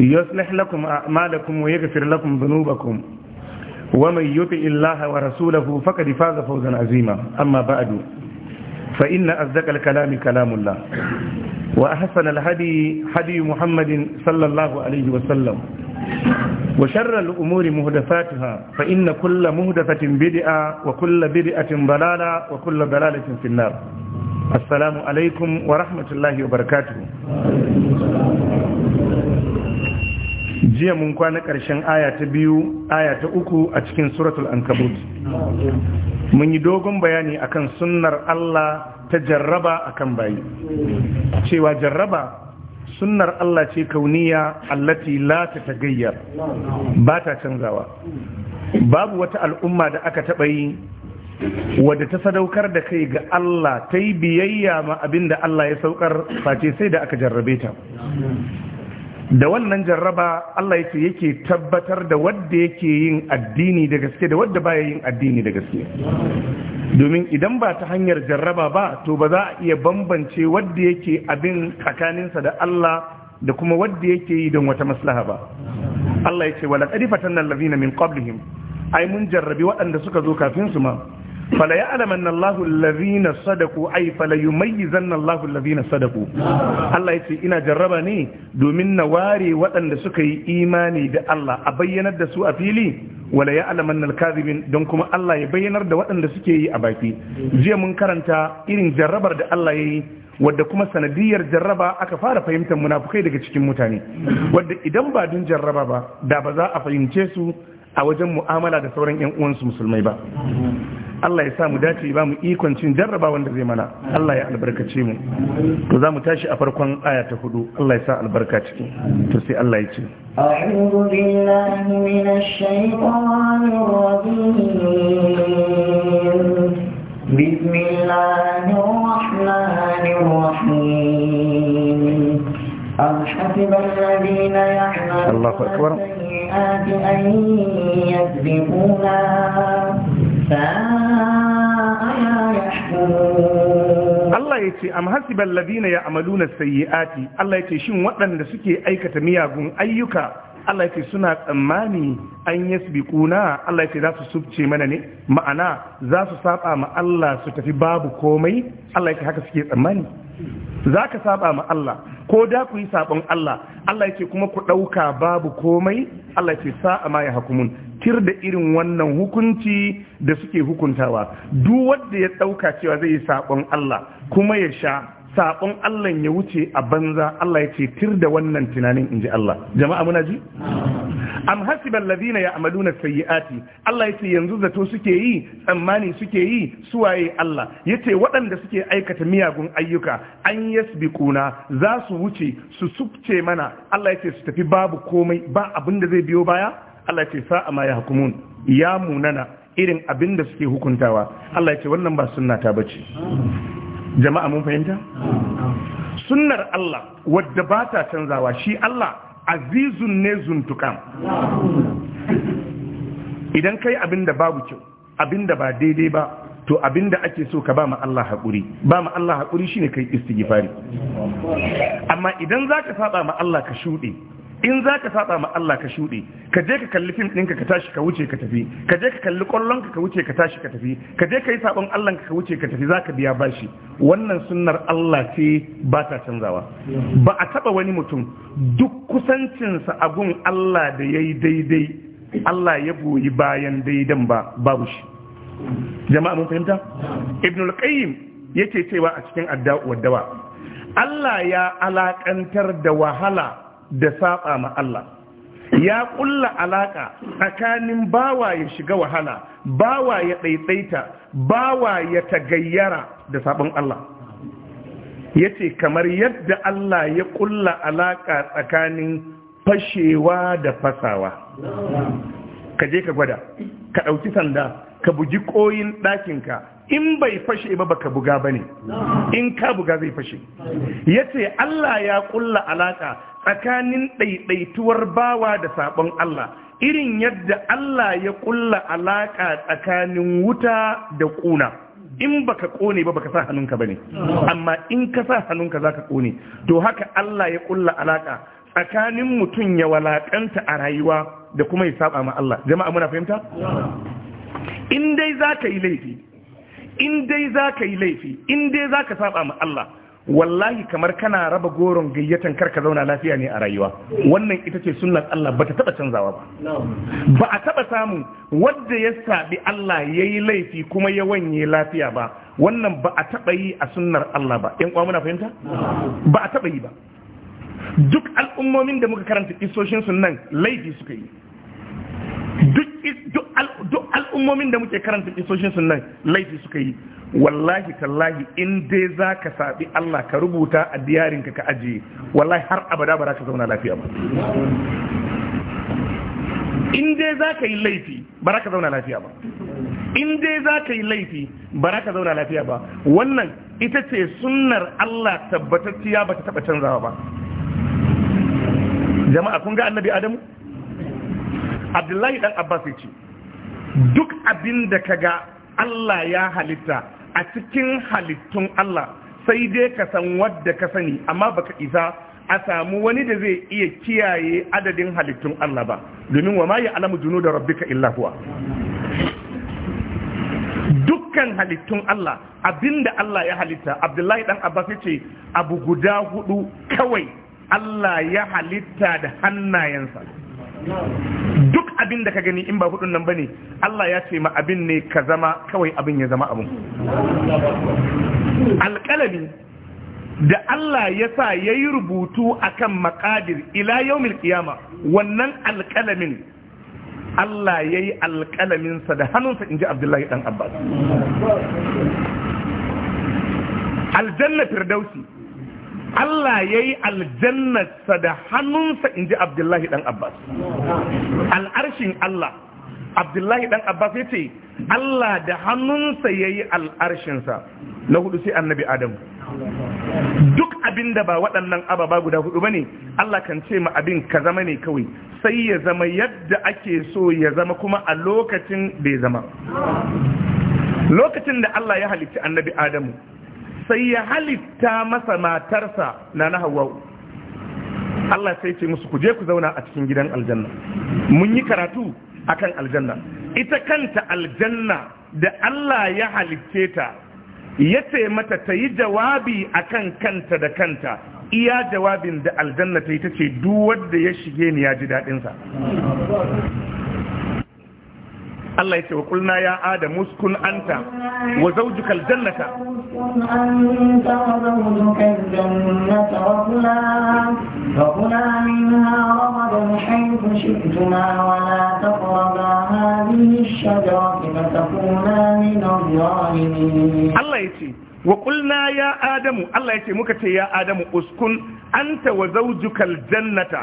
يصلح لكم أعمالكم ويغفر لكم ذنوبكم ومن يطع الله ورسوله فقد فاز فوزا عظيما أما بعد فإن أصدق الكلام كلام الله وأحسن الهدي هدي محمد صلى الله عليه وسلم وشر الأمور مهدفاتها فإن كل مهدفة بدعة وكل بدعة ضلالة وكل ضلالة في النار السلام عليكم ورحمة الله وبركاته jiya mun kwana ƙarshen aya ta biyu aya ta uku a cikin suratul ankabut mun yi dogon bayani akan sunnar Allah ta jarraba akan bayi cewa jarraba sunnar Allah ce kauniya allati la ta tagayyar ba ta canzawa babu wata al'umma da aka taɓa yi wadda ta sadaukar da kai ga Allah ta yi biyayya ma abin da Allah ya saukar face sai da aka jarrabe ta da wannan jarraba Allah yake yake tabbatar da wadda yake yin addini da gaske da wadda baya yin addini da gaske domin idan ba ta hanyar jarraba ba to ba za a iya bambance wadda yake abin tsakaninsa da Allah da kuma wadda yake yi don wata maslaha ba Allah yake wala qad fatanna allazina min qablihim ai mun jarrabi waɗanda suka zo kafin su ma fala ya alamanna Allahu allazina sadaku ay fala yumayyizanna Allahu allazina sadaku Allah yace ina jarraba ne domin na ware waɗanda suka yi imani da Allah a bayyanar da su a fili wala ya al alkazibin don kuma Allah ya bayyanar da waɗanda suke yi a baki jiya mun karanta irin jarrabar da Allah ya yi wadda kuma sanadiyar jarraba aka fara fahimtar munafukai daga cikin mutane wadda idan ba don jarraba ba da ba za a fahimce su a wajen mu'amala da sauran 'yan uwansu musulmai ba Allah ya sa mu dace ba mu ikon cin jarraba wanda zai mana Allah ya albarkace mu to za mu tashi a farkon aya ta hudu Allah ya sa albarka ciki to sai Allah ya ce أعوذ بسم الله الرحمن الرحيم أم حسب الذين يعملون الله أكبر السيئات أن يسبقونا ساء ما يحكمون Allah ya ce, "Am hasiban ladina ya amalu na sayi'ati, Allah ya ce, "Shin waɗanda suke aikata miyagun ayyuka, Allah suna tsammani an yasbiquna Allah ya za su subce mana ne, ma'ana za su saba ma Allah su tafi babu komai, Allah ya haka suke tsammani. za ka saba ma Allah ko da ku yi sabon Allah Allah yake kuma ku ɗauka babu komai Allah ce sa'a ma ya hakumun tir da irin wannan hukunci da suke hukuntawa duk wanda ya ɗauka cewa zai yi sabon Allah kuma ya sha sabon Allah ya wuce a banza Allah yake tir da wannan tunanin in ji Allah jama'a muna ji am hasiba allazina ya'maluna sayyi'ati Allah yace yanzu zato suke yi tsammani suke yi su waye Allah yace waɗanda suke aikata miyagun ayyuka an yasbiquna za su wuce su sukce mana Allah yace su tafi babu komai ba abin da zai biyo baya Allah yace sa'a ma hukumun. ya munana irin abin da suke hukuntawa Allah yace wannan ba sunna ta bace jama'a mun fahimta sunnar Allah wadda ba ta canzawa shi Allah azizun ne zuntukan idan kai abin da babu kyau abin da ba daidai ba to abin da ake so ka ba ma Allah haƙuri ba ma Allah haƙuri shine kai istighfari amma idan zaka saba ma Allah ka shuɗe in za ka saba ma Allah ka shuɗe ka je ka kalli fim ɗinka ka tashi ka wuce ka tafi ka je ka kalli ƙwallonka ka wuce ka tashi ka tafi ka je ka yi saɓon Allah ka wuce ka tafi za ka biya bashi wannan sunnar Allah ce ba ta canzawa ba a taɓa wani mutum duk kusancinsa a gun Allah da ya yi daidai Allah ya goyi bayan daidan ba babu shi jama'a mun fahimta ibn al-qayyim yake cewa a cikin adda'u dawa Allah ya alakantar da wahala da saba ma Allah ya kulla alaka tsakanin bawa ya shiga wahala bawa ya tsaitsaita bawa ya tagayyara da sabon Allah ya ce kamar yadda Allah ya kulla alaka tsakanin fashewa da fasawa ka je ka gwada ka ɗauki sanda ka buji ƙoyin ɗakinka in bai fashe ba baka buga ba ne in ka buga zai fashe ya ce Allah ya kulla alaka tsakanin ɗaiɗaituwar bawa da sabon Allah irin yadda Allah ya kulla alaka tsakanin wuta da ƙuna in baka ƙone ba baka sa hannunka ba ne amma in ka sa hannunka za ka ƙone to haka Allah ya kulla alaka tsakanin mutum ya walaƙanta a rayuwa da kuma ya saba ma Allah jama'a muna fahimta in dai za ka yi laifi in dai za ka yi laifi in dai za ka saba ma Allah wallahi kamar kana raba goron gayyatan karka zauna lafiya ne a rayuwa wannan ita ce sunnar Allah ba ta taba canzawa ba ba a taba samu wanda ya saɓi Allah ya yi laifi kuma ya wanye lafiya ba wannan ba a taba yi a sunnar Allah ba yan muna fahimta ba a taba yi ba duk al'ummomin da muka karanta kisoshin nan laifi suka yi duk al'ummomin da muke karanta isoshin sunan laifi suka yi wallahi tallahi in dai za ka saɓi Allah ka rubuta a diyarinka ka ajiye wallahi har abada ba za ka zauna lafiya ba in dai za ka yi laifi ba za ka zauna lafiya ba in dai za ka yi laifi ba za ka zauna lafiya ba wannan ita ce sunnar Allah tabbatacciya ba ta taɓa canzawa ba jama'a kun ga annabi adamu abdullahi dan abbas ya ce duk abin da ka ga Allah ya halitta a cikin halittun Allah sai dai ka san wadda ka sani amma baka isa a samu wani da zai iya kiyaye adadin halittun Allah ba domin wa ma ya alamu junu da rabbika illa huwa dukkan halittun Allah abinda Allah ya halitta Abdullahi dan Abbas ce abu guda hudu kawai Allah ya halitta da hannayensa duk abin da ka gani in ba hudun nan bane Allah ya ce ma abin ne ka zama kawai abin ya zama abin alƙalami da Allah ya sa ya yi rubutu akan makadir ila yaumil kiyama wannan alƙalamin Allah ya yi alƙalaminsa da hannunsa in ji Abdullahi ɗan Abbas aljanna firdausi Allah ya yi aljannarsa da hannunsa in ji Abdullahi ɗan Abbas. Al'arshin Allah, Abdullahi ɗan Abbas ya ce, Allah da hannunsa ya yi al'arshinsa na hudu sai annabi adam Duk abin da ba waɗannan ababa guda hudu ba ne, Allah kan ce ma abin ka zama ne kawai, sai ya zama yadda ake so ya zama kuma a lokacin bai zama. Lokacin da Allah ya halicci annabi Adamu, sai ya halitta masa matarsa na na hawa Allah sai ce musu ku je ku zauna a cikin gidan aljanna mun yi karatu akan aljanna ita kanta aljanna da Allah ya halicce ta ya ce mata ta yi jawabi akan kanta da kanta iya jawabin da aljanna ta yi ta ce duk wanda ya shige ni ya ji daɗinsa Allah ya ce wa kulna ya ada muskun anta wa zaujukal jannata Allah ya ce wa qulna ya adamu Allah ce muka ce ya adamu uskun anta wa zawjukal jannata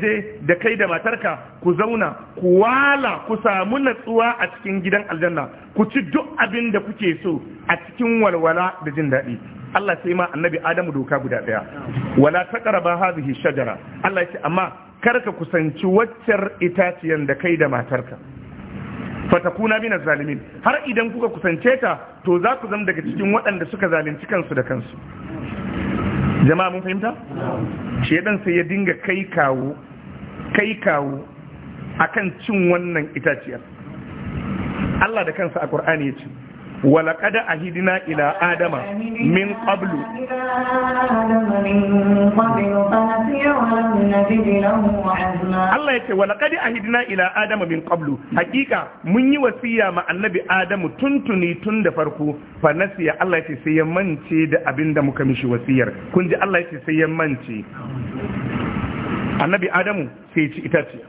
je da kai da matarka ku zauna ku wala ku samu natsuwa a cikin gidan aljanna ku ci duk abin da kuke so a cikin walwala da jin daɗi Allah sai ma annabi Adamu doka guda ɗaya wala taqraba hadhihi shajara Allah ce amma kar ka kusanci waccar itaciyar da kai da matarka fatakuna min zalimin har idan kuka kusance ta to za ku zama daga cikin waɗanda suka zalunci kansu da kansu jama'a mun fahimta shedan sai ya dinga kai kawo kai kawo akan cin wannan itaciyar Allah da kansa a Qur'ani ya ce Walaƙaɗe a hidina ila Adama min ƙwablu. Allah ya ce walaƙaɗe a ila Adama min ƙwablu, haƙiƙa mun yi wasiyya ma annabi Adamu tun tun da farko. Bana saya Allah ya sai ya da abinda muka mishi wasiyar, kun ji Allah ya ce sai ya Annabi Adamu sai ya ci itaciyar.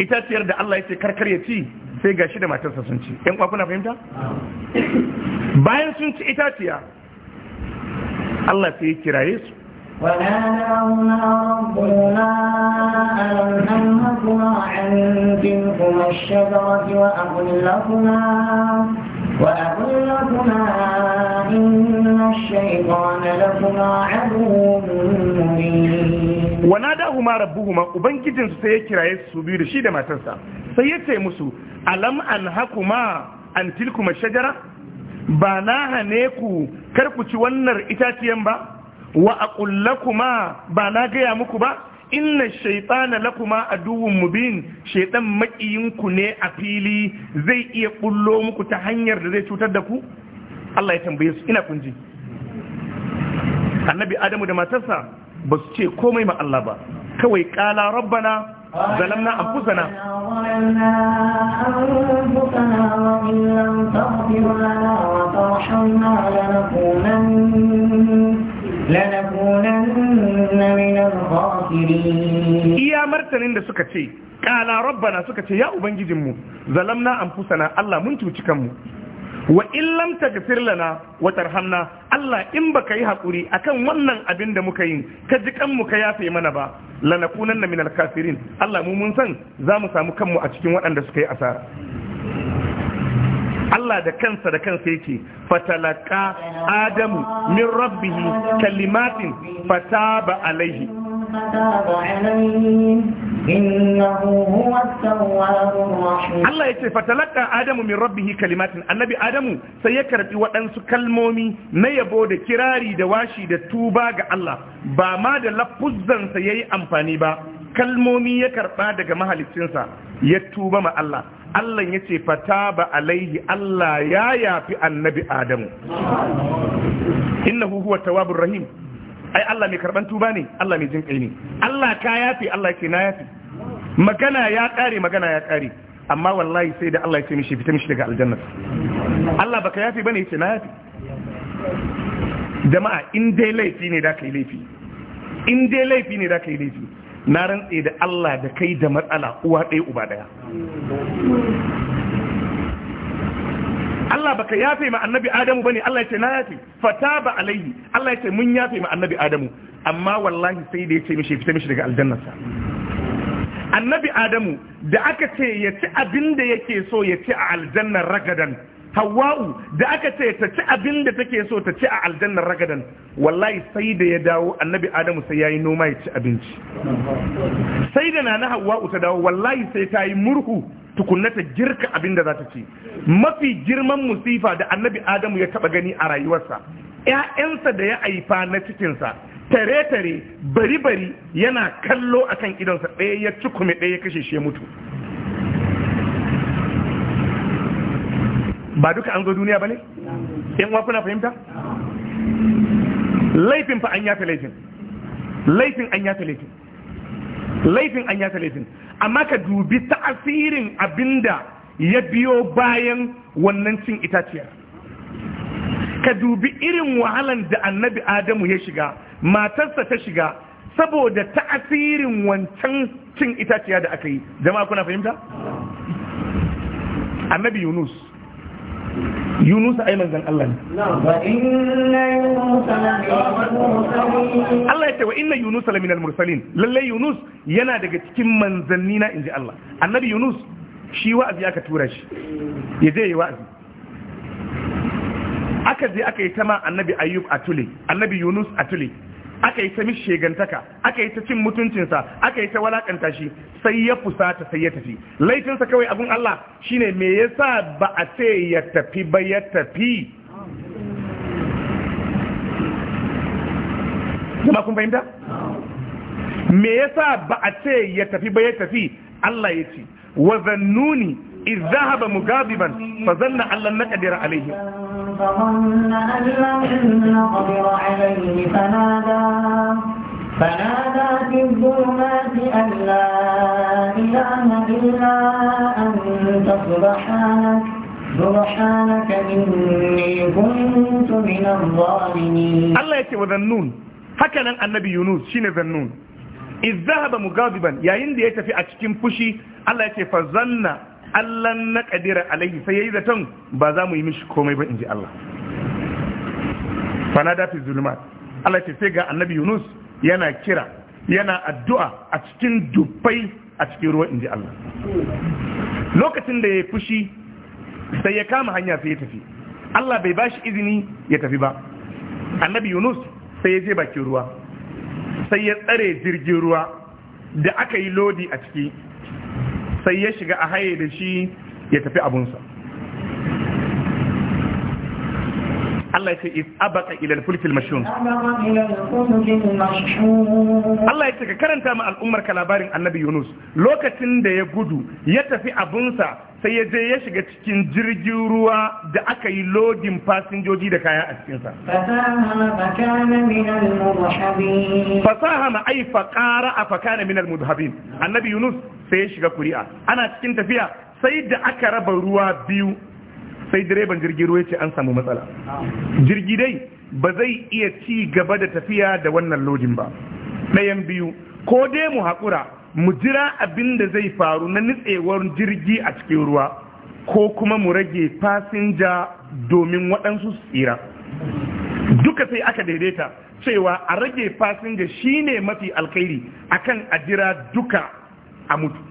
Itaciyar da Allah ya ce karkari ya ci. sai ga gashi da matarsa sun ci yan kwa kuna fahimta bayan sun ci itaciya Allah sai ya kiraye su وناداهما ربهما ألم أنهكما عن تلكما الشجرة وأقول لكما Wa'aƙulla da Wa na da' huma Rabbu huma ubangijin sai ya kiraye su biyu da shi da matarsa sai yadda ya ce musu Alam Anha kuma Aljil kuma Shajara? Ba na hane ku kar ku ci wannan itaciyar ba? wa a Wa'aƙulle kuma ba na gaya muku ba? inna shaitana lakuma aduwwun mubin shaitan ku ne a fili zai iya bullo muku ta hanyar da zai cutar da ku Allah ya tambaye su ina kunji annabi adamu da matarsa ba su ce komai ma Allah ba kawai kala rabbana zalamna anfusana anfusana iya martanin da suka ce kala rabbana suka ce ya ubangijinmu zalamna anfusana Allah mun cuci kanmu wa in lam taghfir lana wa tarhamna Allah in baka yi hakuri akan wannan abin da muka yi ka ji kanmu ka yafe mana ba lanakunanna minal kafirin Allah mu mun san za mu samu kanmu a cikin waɗanda suka yi asara Allah da kansa da kansa yake fatalaka adamu min rabbihi kalimatin fataba alaihi Allah ya ce fatalaka Adamu min rabbihi kalimatin annabi Adamu sai ya karbi waɗansu kalmomi na yabo da kirari da washi da tuba ga Allah ba ma da lafuzzansa ya yi amfani ba kalmomi ya karɓa daga mahalicinsa ya tuba ma Allah Allah ya ce fata ba alaihi Allah ya yafi annabi Adamu innahu huwa tawabur rahim ai Allah mai karban tuba ne Allah mai jin kai ne Allah ka yafi Allah ya ce na yafi magana ya kare magana ya kare amma wallahi sai da Allah ya ce mishi fita mishi daga aljanna Allah baka yafi bane ya ce na yafi jama'a in dai laifi ne da yi laifi in dai laifi ne da yi laifi na rantse da Allah da kai da matsala uwa ɗaya uba ɗaya Allah baka yafe ma annabi Adamu bane Allah ya ce na yafe fataba alaihi Allah ya ce mun yafe ma annabi Adamu amma wallahi sai da ya ce mishi fita mishi daga aljannarsa annabi Adamu da aka ce ya ci abin da yake so ya ci a aljannar ragadan hawa'u da aka ce ta ci abin da take so ta ci a aljannar ragadan wallahi sai da ya dawo annabi adamu sai ya yi noma ya ci abinci sai da na hawa'u ta dawo wallahi sai ta yi murhu tukunna ta girka abin da za ta ci mafi girman musifa da annabi adamu ya taba gani a rayuwarsa ƴaƴansa da ya aifa na cikinsa tare-tare bari-bari yana kallo akan idonsa ɗaya ya cikume ɗaya ya kashe shi ya mutu ba duka an zo duniya ba ne? ‘yan wa kuna fahimta? laifin fa an yafe laifin laifin an yafe laifin laifin an yafe laifin amma ka dubi ta'asirin abinda ya biyo bayan wannan cin itaciyar ka dubi irin wahalan da annabi adamu ya shiga matarsa ta shiga saboda ta'asirin wancan cin itaciya da aka yi jama'a kuna fahimta annabi yunus yunus ai manzan Allah ne Allah ya ce wa inna Yunusa la minal mursalin lalle yunus yana daga cikin manzanni na inji Allah annabi yunus shi wa'azi aka tura shi ya je yi wa'azi aka je aka yi tama annabi ayyub atule annabi yunus atule aka yi ta mishegantaka, aka yi ta cin mutuncinsa aka yi ta walakanta shi sai ya fusata sai ya tafi laifinsa kawai abin Allah shine me yasa ba a ce ya tafi ba ya tafi jama kun fahimta me yasa ba a ce ya tafi ba ya tafi Allah ya ce Wazannuni. إذ ذهب مغاضبا فظن أن لن نقدر عليه فظن أن لن نقدر عليه فنادى فنادى في الظلمات أن لا إله إلا أنت سبحانك سبحانك إني كنت من الظالمين الله يتوى ذنون هكذا النبي يونس شين ذنون إذ ذهب مغاضبا يا إندي يتفي أتكين فشي الله يتفى فظن Allah na kadira alaihi sai ya yi zaton ba za mu yi mishi komai ba inji Allah fanada fi zulmat Allah ce sai ga annabi Yunus yana kira yana addu'a a cikin dubbai a cikin ruwa inji Allah lokacin da ya fushi sai ya kama hanya sai ya tafi Allah bai bashi izini ya tafi ba annabi Yunus sai ya je bakin ruwa sai ya tsare jirgin ruwa da aka yi lodi a ciki sai ya shiga a haye da shi ya tafi abunsa Allah ya ce is abaka ila al-fulkil mashhun Allah ya ce ka karanta ma al'ummar ka labarin Annabi Yunus lokacin da ya gudu ya tafi abunsa sai ya je ya shiga cikin jirgin ruwa da aka yi lodin fasinjoji da kaya a cikin sa fasaha fa qara fa kana min al mudhhabin Annabi Yunus sai ya shiga kuri'a ana cikin tafiya sai da aka raba ruwa biyu sai direban jirgin ruwa ce an samu matsala jirgi dai ba zai iya ci gaba da tafiya da wannan lodin ba ɗayan biyu ko dai mu haƙura mu jira abin da zai faru na nitsewar jirgi a cikin ruwa ko kuma mu rage fasinja domin waɗansu tsira duka sai aka daidaita cewa a rage fasinja shine mafi alkhairi akan a jira duka a mutu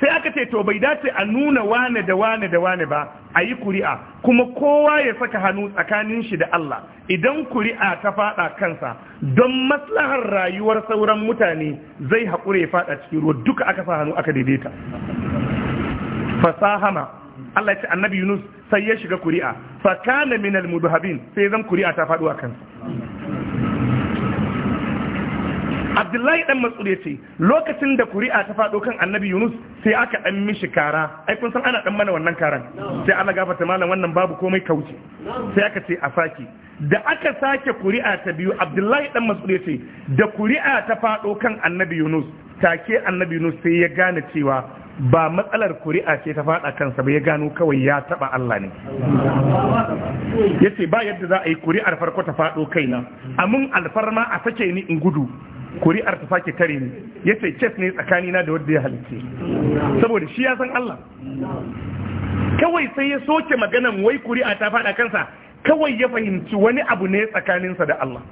sai aka ce to bai dace a nuna wane da wane da wane ba a yi kuri'a kuma kowa ya saka hannu tsakanin shi da Allah idan kuri'a ta fada kansa don maslahar rayuwar sauran mutane zai haƙure ya fada cikin ruwa duka aka sa hannu aka daidaita fasahama Allah ya ce annabi Yunus sai ya shiga kuri'a fa kana minal mudhabin sai zan kuri'a ta faɗo a kansa abdullahi dan matsud ya ce lokacin da kuri'a ta faɗo kan annabi yunus sai aka dan mishi kara ai kun san ana dan mana wannan karan sai Allah gafarta malam wannan babu komai kauce sai aka ce a saki da aka sake kuri'a ta biyu abdullahi dan matsud ya ce da kuri'a ta faɗo kan annabi yunus take annabi yunus sai ya gane cewa ba matsalar kuri'a ce ta faɗa kansa ba ya gano kawai ya taba Allah ne ya ce ba yadda za a yi kuri'ar farko ta faɗo kaina amin alfarma a sake ni in gudu kuri'ar ta sake kare ni ya ce kes ne tsakani na da wadda ya halitta saboda shi ya san Allah kawai sai ya soke maganan wai kuri'a ta faɗa kansa kawai ya fahimci wani abu ne tsakaninsa da Allah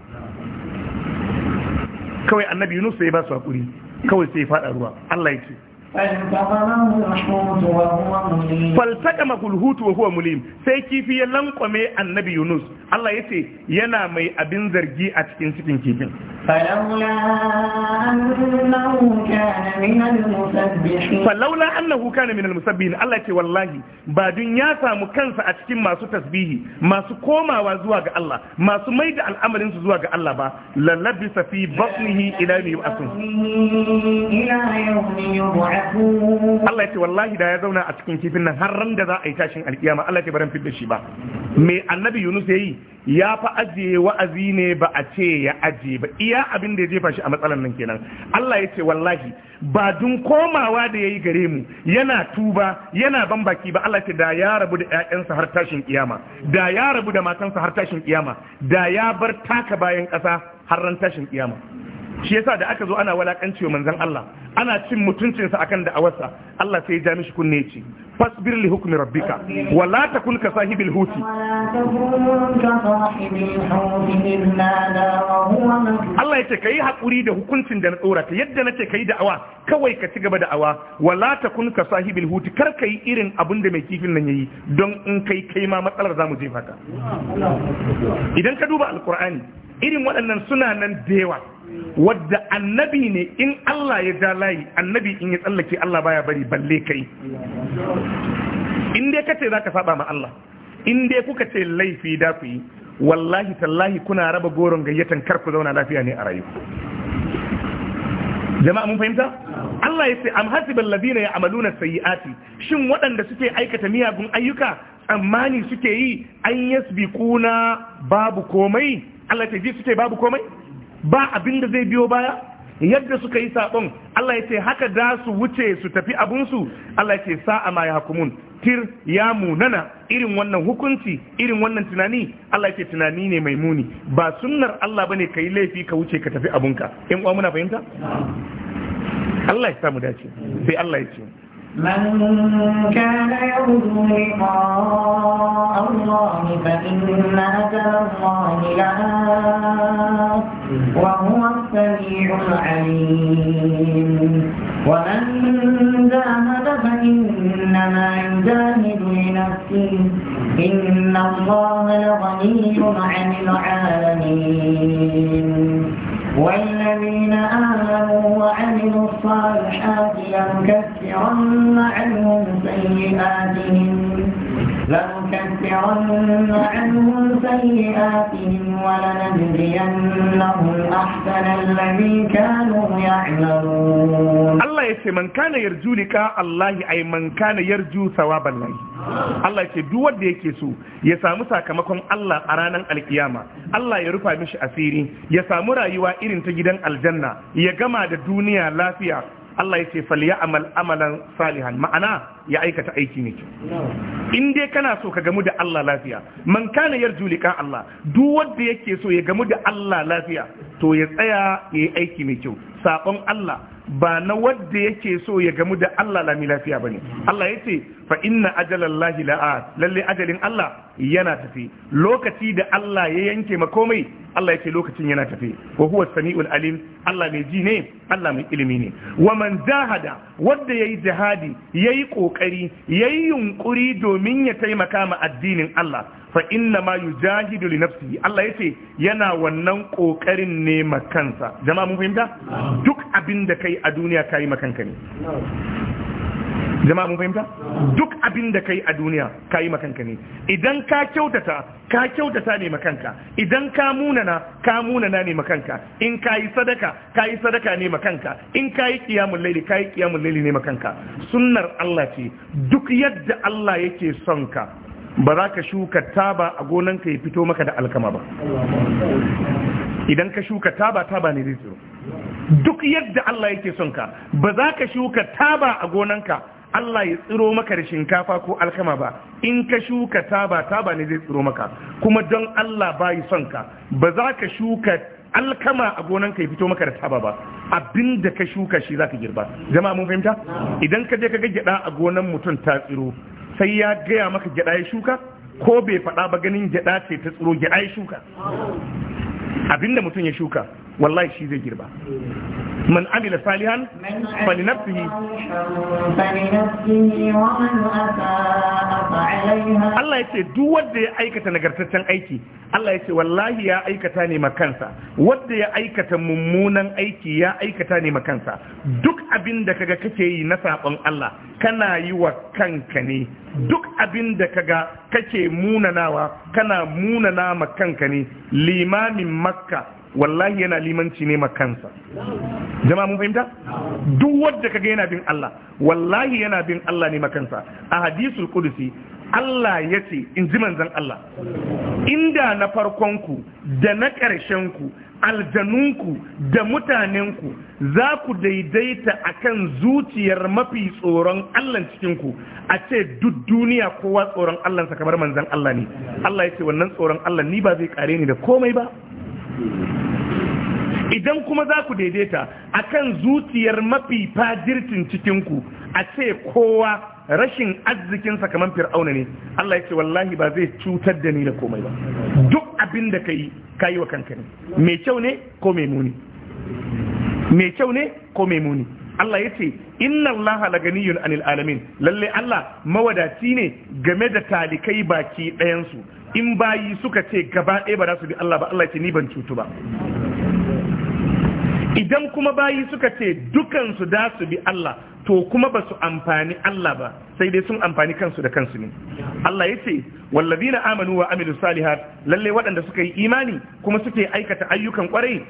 kawai annabi Yunus sai ba su hakuri kawai sai ya faɗa ruwa Allah ya ce. falsakama hulhutu wa huwa mulim sai kifi ya lankwame annabi yunus Allah ya ce yana mai abin zargi a cikin cikin kifin falaula annahu kana minal musabbihin Allah ce wallahi ba dun ya samu kansa a cikin masu tasbihi masu komawa zuwa ga Allah masu mai da al'amarin su zuwa ga Allah ba lallabisa fi batnihi ila yawmi yub'athun Allah ya ce wallahi da ya zauna a cikin kifin nan har ran da za a yi tashin alkiyama Allah ya baran fidda shi ba me annabi Yunus yi? ya fa ajiye wa'azi ne ba a ce ya ajiye ba iya abin da ya jefa shi a matsalan nan kenan Allah ya ce wallahi ba dun komawa da yayi gare mu yana tuba yana ban baki ba Allah ya ce da ya rabu da ƴaƴansa har tashin kiyama da ya rabu da matansa har tashin kiyama da ya bar taka bayan ƙasa har ran tashin kiyama shi yasa da aka zo ana walakanci wa manzon Allah ana cin mutuncinsa akan da'awarsa Allah sai ya ja mishi kunne ce fasbir li hukmi rabbika wa la takun ka sahibil huti Allah yake kai hakuri da hukuncin da na tsora ka yadda nake kai da'awa kawai ka ci gaba da'awa wa la takun ka sahibil huti kar kai irin abin da mai kifin nan yayi don in kai kai ma matsalar zamu jefa ka idan ka duba alqur'ani irin waɗannan suna nan da yawa wadda annabi ne in Allah ya ja layi annabi in ya tsallake Allah baya bari balle kai in dai kace zaka saba ma Allah in kuka ce laifi da ku yi wallahi tallahi kuna raba goron gayyatan kar ku zauna lafiya ne a rayu jama'a mun fahimta Allah ya ce am hasiba alladhina ya'maluna sayyi'ati shin waɗanda suke aikata miyagun ayyuka tsammani suke yi an yasbiquna babu komai Allah ta ji suke babu komai ba abin da zai biyo baya yadda suka yi sabon Allah ya ce haka da su wuce su tafi abunsu Allah ya ce sa'a ma ya hukumun tir ya munana irin wannan hukunci irin wannan tunani Allah ya ce tunani ne mai muni ba sunnar Allah bane ka yi laifi ka wuce ka tafi abunka in uwa muna fahimta Allah ya samu dace sai Allah ya ce من كان يرجو لقاء الله فإن أجل الله لآت وهو السميع العليم ومن جاهد فإنما يجاهد لنفسه إن الله لغني عن العالمين والذين آمنوا وعملوا الصالحات لنكفر لنكفرن عنهم سيئاتهم لنكفرن عنهم سيئاتهم ولنجزينهم أحسن الذي كانوا يعملون الله يسي من كان يرجو لقاء الله أي من كان يرجو ثواب الله Allah ya ce duk wanda yake so ya samu sakamakon Allah a ranar alkiyama Allah ya rufa mishi asiri ya samu rayuwa irin ta gidan aljanna ya gama da duniya lafiya Allah ya ce falya amal amalan salihan ma'ana ya aikata aiki ne in dai kana so ka gamu da Allah lafiya man kana yarju liqa Allah duk wanda yake so ya gamu da Allah lafiya to ya tsaya ya yi aiki mai kyau sabon Allah ba na wanda yake so ya gamu da Allah lami lafiya bane Allah ya fa inna lahi la'at lalle ajalin Allah yana tafi lokaci da Allah ya yanke ma komai Allah yake lokacin yana tafi wa huwa samiul alim Allah mai ji ne Allah mai ilimi ne wa man jahada wanda yayi jihadi yayi kokari yayi yunkuri domin ya taimaka ma addinin Allah fa inna ma yujahidu li nafsihi Allah yace yana wannan kokarin ne makansa jama'a mun fahimta duk abin da kai a duniya kai makanka ne jama'a mun fahimta duk abin da kai a duniya ka yi makanka ne idan ka kyautata ka kyautata ne makanka idan ka munana ka munana ne makanka in ka yi sadaka ka yi sadaka ne makanka in ka yi kiyamun laili ka yi kiyamun laili ne makanka sunnar Allah ce duk yadda Allah yake son ka ba za ka shuka taba a gonanka ya fito maka da alkama ba idan ka shuka taba taba ne zai tsiro duk yadda Allah yake son ka ba za ka shuka taba a gonanka Allah ya tsiro maka da shinkafa ko alkama ba in ka shuka taba taba ne zai tsiro maka kuma don Allah ba yi son ka ba za ka shuka alkama a gonan ka ya fito maka da taba ba abin da ka shuka shi za ka girba jama'a mun fahimta idan ka je ka ga gyada a gonan mutum ta tsiro sai ya gaya maka gyada ya shuka ko bai faɗa ba ganin gyada ce ta tsiro gyada ya shuka abin da mutum ya shuka wallahi shi zai girba من عمل صالحا فلنفسه Allah ya ce duk wanda ya aikata nagartaccen aiki Allah ya ce wallahi ya aikata ne makansa wanda ya aikata mummunan aiki ya aikata ne makansa duk abinda kaga kake yi na sabon Allah kana yi wa kanka ne duk abinda kaga kake munanawa kana munana ma kanka ne limamin makka wallahi yana limanci ne makansa jama'a mun fahimta duk wanda kaga yana bin Allah wallahi yana bin Allah ne makansa a hadisul qudsi Allah ya ce in ji manzan Allah inda na farkon ku da na ƙarshenku aljanunku da mutanenku za ku daidaita akan zuciyar mafi tsoron Allah cikinku a ce duk duniya kowa tsoron sa kamar manzan Allah ne Allah ya ce wannan tsoron Allah ni ba zai kare ni da komai ba idan kuma za ku daidaita a kan zuciyar mafi fajirtin cikinku a ce kowa rashin arzikinsa kamar fir'auna ne Allah ya ce wallahi ba zai cutar da ni da komai ba duk abin da ka yi ka yi wa kanka ne mai kyau ne ko mai muni Allah ya ce inna Allah laganiyun anil alamin lalle Allah mawadaci ne game da talikai baki ɗayansu in bayi suka ce gaba ɗaya ba za su bi Allah ba Allah ya ce ni ban cutu ba idan kuma bayi suka ce dukansu da su bi Allah to kuma ba su amfani Allah ba sai dai sun amfani kansu da kansu ne Allah ya ce wallazina amanu wa amilu salihat lalle waɗanda suka yi imani kuma suke aikata ayyukan kwarai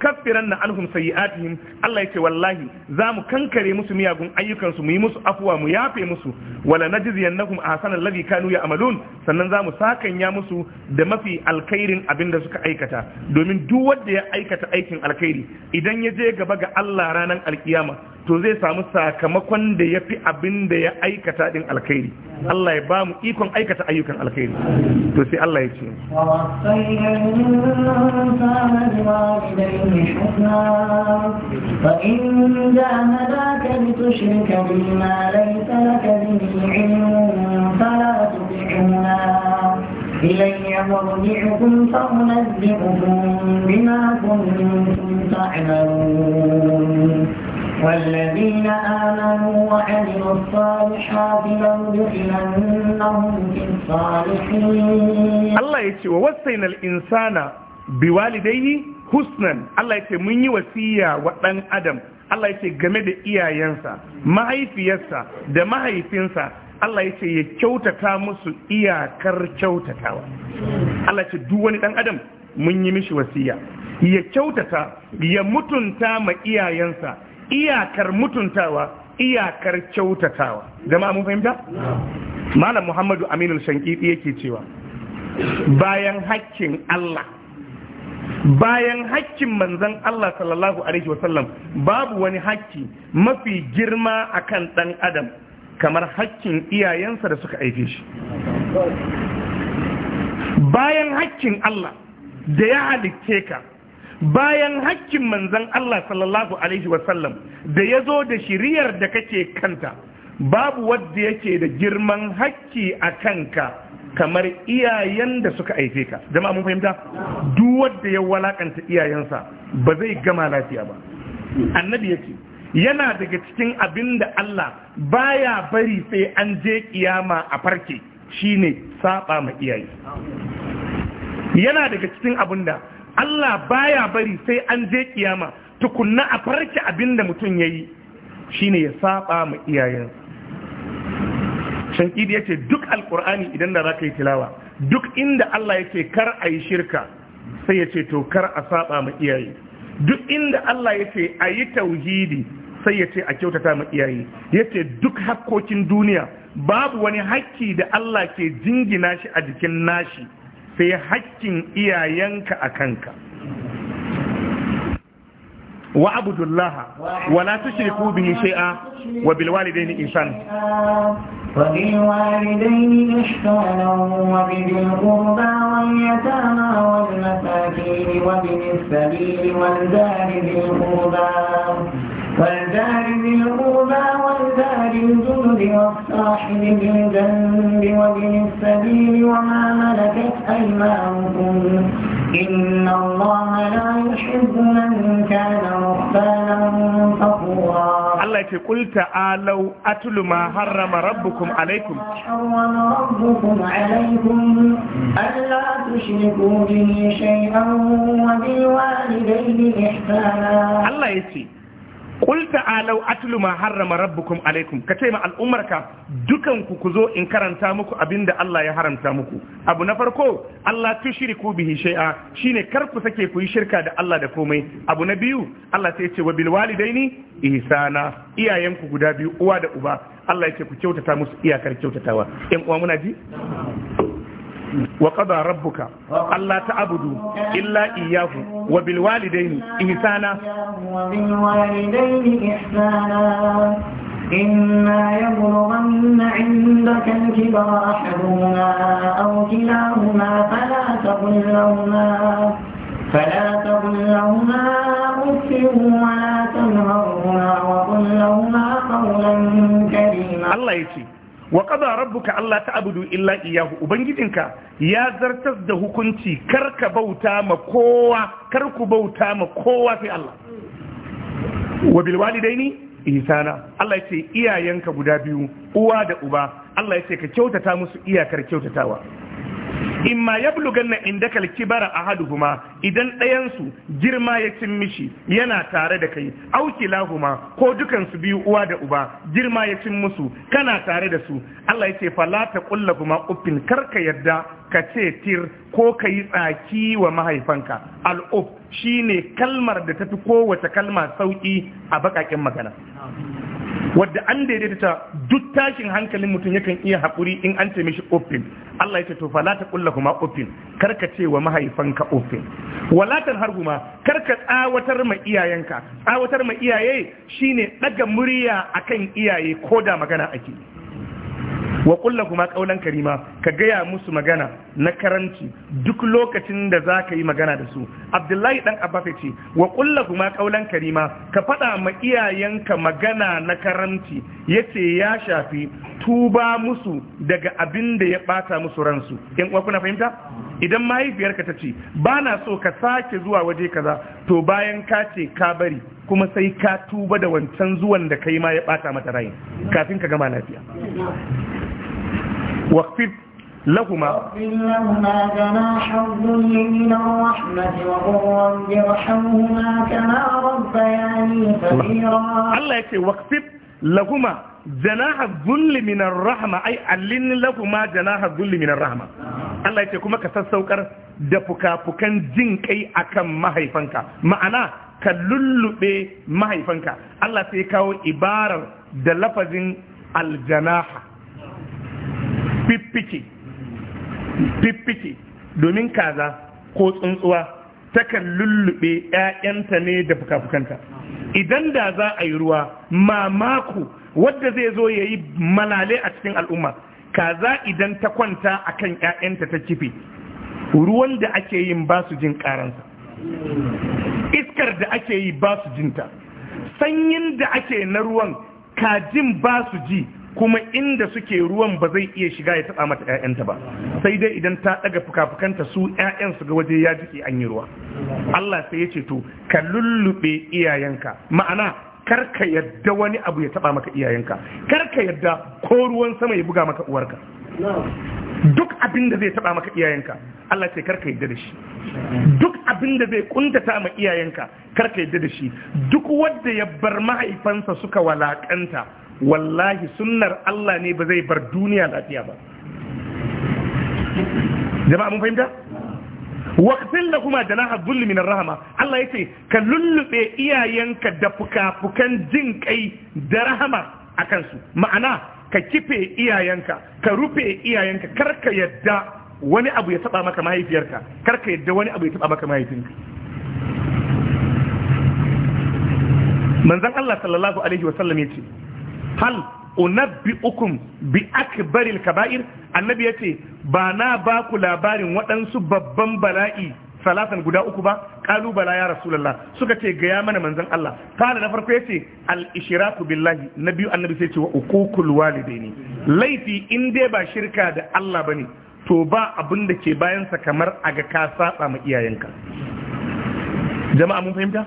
kaffiran na anhum sayyi'atihim Allah ce wallahi za mu kankare musu miyagun ayyukansu mu yi musu afuwa mu yafe musu wala najziyannahum ahsana alladhi kanu ya'malun sannan za mu sakanya musu da mafi alkhairin abinda suka aikata domin duk wanda ya aikata aikin alkhairi idan ya je gaba ga Allah ranar alkiyama to zai samu sakamakon da ya fi abin da ya aikata din alkhairi Allah ya ba mu ikon aikata ayyukan alkhairi to sai Allah ya ce إلي مرجعكم فأنبئكم بما كنتم تعملون والذين آمنوا وعملوا الصالحات لندخلنهم في الصالحين الله يتي ووصينا الإنسان بوالديه husnan Allah ya ce mun yi wasiya wa ɗan adam Allah ya ce game da iyayensa mahaifiyarsa da mahaifinsa Allah ya ce ya kyautata musu iyakar kyautatawa Allah ya ce duk wani ɗan adam mun yi mishi wasiya ya kyautata ya mutunta ma iyayensa iyakar mutuntawa iyakar kyautatawa jama'a mun fahimta malam muhammadu aminul shankiti yake cewa bayan hakkin allah bayan hakkin manzon allah sallallahu alaihi wasallam babu wani hakki mafi girma akan dan adam kamar hakkin iyayensa da suka aike shi bayan hakkin allah da ya halicce ka bayan hakkin manzan Allah sallallahu alaihi wasallam da ya zo da shiriyar da kake kanta babu wadda yake da girman hakki a kanka kamar iyayen da suka aife ka jama'a mun fahimta duk wanda ya walakanta iyayensa ba zai gama lafiya ba annabi yake yana daga cikin abin Allah baya bari sai an je kiyama a farke shine saba ma iyaye yana daga cikin abin Allah baya bari sai an je kiyama tukunna a farki abin da mutum ya yi ne ya saba ma iyayen shankidi ya ce duk alkur'ani idan da za ka yi tilawa duk inda Allah ya ce kar a yi shirka sai ya ce to kar a saba ma iyaye duk inda Allah ya ce a yi tauhidi sai ya ce a kyautata ma iyaye ya ce duk hakkokin duniya babu wani hakki da Allah ke jingina shi a jikin nashi sai hakkin iyayenka a kanka wa abudullaha wa la tushriku bihi shay'a wa bil walidayni ihsan وبالوالدين إحسانا وبذي القربى واليتامى والمساكين وبن السبيل والجار ذي القربى فالدار ذي القربى والدار الجند والصاحب بالجنب وابن السبيل وما ملكت أيمانكم إن الله لا يحب من كان مختالا فخورا الله يقول تعالوا أتل ما حرم ربكم عليكم حرم ربكم عليكم ألا تشركوا به شيئا وبالوالدين إحسانا الله يسي qul ta'alu atlu ma harrama rabbukum alaikum ka ce ma al'ummarka dukanku ku zo in karanta muku abinda Allah ya haramta muku abu na farko Allah tushriku bihi shay'a shine kar ku sake ku yi shirka da Allah da komai abu na biyu Allah sai ya ce wa bil walidaini ihsana iyayenku guda biyu uwa da uba Allah ya ce ku kyautata musu iyakar kyautatawa Yan uwa muna ji وقضى ربك ألا تعبدوا إلا إياه وبالوالدين إحسانا وبالوالدين إحسانا إما يبلغن عندك الكبر أحدهما أو كلاهما فلا تقل لهما فلا تقل لهما أف ولا تنهرهما وقل لهما قولا كريما الله يتي wa qada rabbuka alla ta'budu illa iyahu ubangijinka ya zartas da hukunci kar ka bauta ma kowa kar ku bauta ma kowa sai Allah wa dai ni, ihsana Allah ce iyayenka guda biyu uwa da uba Allah yace ka kyautata musu iyakar kyautatawa in ma ya bulugan na inda bara a hadu kuma idan ɗayansu girma ya cin mishi yana tare da kai auki lahuma ko dukansu biyu uwa da uba girma ya cin musu kana tare da su Allah ya ce fala ta kulla kuma uffin karka yadda ka ce tir ko ka yi tsaki wa mahaifanka al'uf shine kalmar da ta fi kowace kalma sauki a bakakin magana wadda an daidaita duk tashin hankalin mutum yakan iya haƙuri in an ce mishi ofin Allah ya ce to fala ta kulla kuma ofin karka ce wa mahaifanka ofin walatar har kuma karka tsawatar ma iyayenka tsawatar ma iyaye shine daga murya akan iyaye ko da magana ake wa kulla kuma kaulan karima ka gaya musu magana na karanci duk lokacin da za ka yi magana da su abdullahi dan abbas ce wa kulla kuma kaulan karima ka faɗa ma iyayenka magana na karanci yace ya shafi tuba musu daga abin da ya bata musu ransu in uwa kuna fahimta idan mahaifiyarka ta ce ba na so ka sake zuwa waje kaza to bayan ka ce ka bari kuma sai ka tuba da wancan zuwan da kai ma ya bata mata rai kafin ka gama lafiya واخفض لهما لهما جناح الذل من الرحمة وقرا يرحمهما كما الله يكفي واخفض لهما جناح الذل من الرحمة أي علن لهما جناح الذل من الرحمة Allah ya ce kuma ka sassaukar da fuka jin kai akan mahaifanka ma'ana ka lullube mahaifanka Allah sai kawo ibarar da lafazin aljanaha fiffike domin kaza ko tsuntsuwa takan lullube 'ya'yanta ne da fuka-fukanta idan da za a yi ruwa mamaku wadda zai zo ya yi malale a cikin al'umma kaza idan ta kwanta a kan 'ya'yanta ta kife ruwan da ake yin ba su jin karansa iskar da ake yi ba su jinta sanyin da ake na ruwan kajin ba su ji kuma inda suke ruwan ba zai iya shiga ya taba mata ƴaƴanta ba sai dai idan ta ɗaga fuka-fukanta su ƴaƴan su ga waje ya jike an yi ruwa Allah sai ya ce to ka lullube iyayenka ma'ana karka yadda wani abu ya taba maka iyayenka karka yadda ko ruwan sama ya buga maka uwarka duk abin da zai taba maka iyayenka Allah kar karka yadda da shi duk abin da zai kuntata ma iyayenka karka yadda da shi duk wanda ya bar mahaifansa suka walakanta wallahi sunnar Allah ne ba zai bar duniya lafiya ba jama'a mun fahimta waqtin da kuma janaha dhulli min rahama Allah ya ce ka lullube iyayenka da fuka-fukan jin kai da rahama akan su ma'ana ka kife iyayenka ka rufe iyayenka karka ka yadda wani abu ya taba maka mahaifiyarka kar yadda wani abu ya taba maka mahaifinka manzon Allah sallallahu alaihi wasallam yace hal unabbi'ukum bi akbaril kaba'ir annabi yace ba na ba ku labarin waɗansu babban bala'i salasan guda uku ba kalu bala ya rasulullah suka ce gaya mana manzon Allah kana na farko yace al ishraku billahi na biyu annabi sai ce wa uququl walidaini laifi in dai ba shirka da Allah bane to ba abin da ke bayansa kamar a ga ka saba ma iyayenka jama'a mun fahimta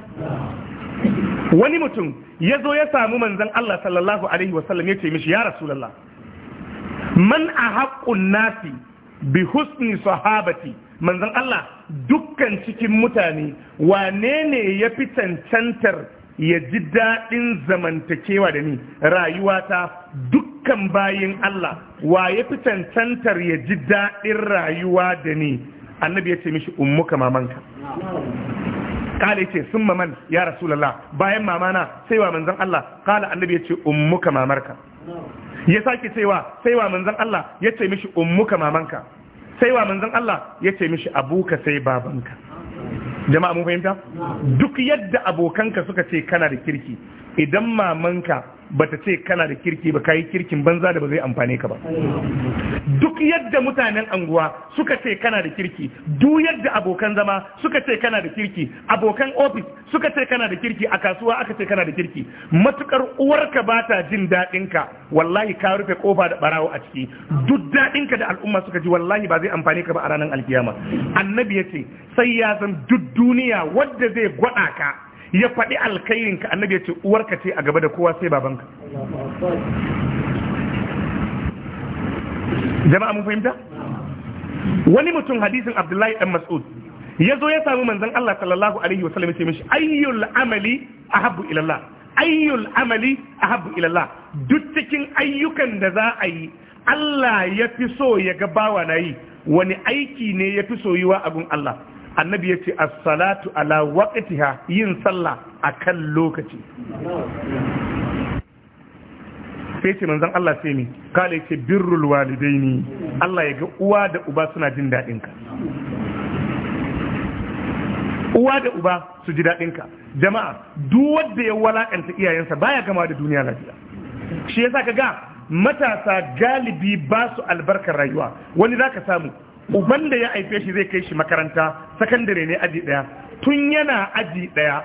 wani mutum ya zo ya samu manzan Allah sallallahu alaihi wasallam ya ce mishi ya rasulallah man a haƙƙun nasi bi husni sahabati manzan Allah dukkan cikin mutane wane ne ya fi cancantar ya ji daɗin zamantakewa da ni rayuwata dukkan bayin Allah wa ya fi cancantar ya ji daɗin rayuwa da ni annabi ya ce mishi ummuka mamanka kala ce sun maman ya rasulallah bayan mamana sai wa manzan Allah kala annabi ya ce ummuka mamarka ya sake cewa sai wa manzan Allah ya ce mishi ummuka mamanka sai wa manzan Allah ya yace mishi abuka sai babanka jama'a mun fahimta duk yadda abokanka suka ce kana da kirki idan mamanka bata ce kana da kirki ba kayi kirkin banza da ba zai amfane ka ba duk yadda mutanen anguwa suka ce kana da kirki duk yadda abokan zama suka ce kana da kirki abokan ofis suka ce kana da kirki a kasuwa aka ce kana da kirki matukar uwarka ba ta jin daɗin ka wallahi ka rufe kofa da barawo a ciki duk daɗin ka da al'umma suka ji wallahi ba zai amfane ka ba a ranar alkiyama annabi ya ce sai ya san duk duniya wadda zai gwada ka ya faɗi alkairinka annabi ya ce uwarka ce a gaba da kowa sai babanka jama'a mun fahimta wani mutum hadisin abdullahi dan mas'ud ya zo ya samu manzon Allah sallallahu alaihi wa sallam ya ce mishi ayyul amali ahabbu ila Allah ayyul amali ahabbu ila Allah duk cikin ayyukan da za a yi Allah ya fi so ya ga bawa na yi wani aiki ne ya fi soyuwa a gun Allah annabi ya ce as-salatu ala waqtiha yin sallah akan lokaci sai ce manzon Allah sai ne kale ce birrul walidaini Allah ya ga uwa da uba suna jin daɗin ka uwa da uba su ji daɗin ka jama'a duk wanda ya walakanta iyayensa baya gama da duniya lafiya shi yasa ka ga matasa galibi ba su albarkar rayuwa wani zaka samu uban da ya haife shi zai kai shi makaranta sakandare ne aji ɗaya, tun yana aji ɗaya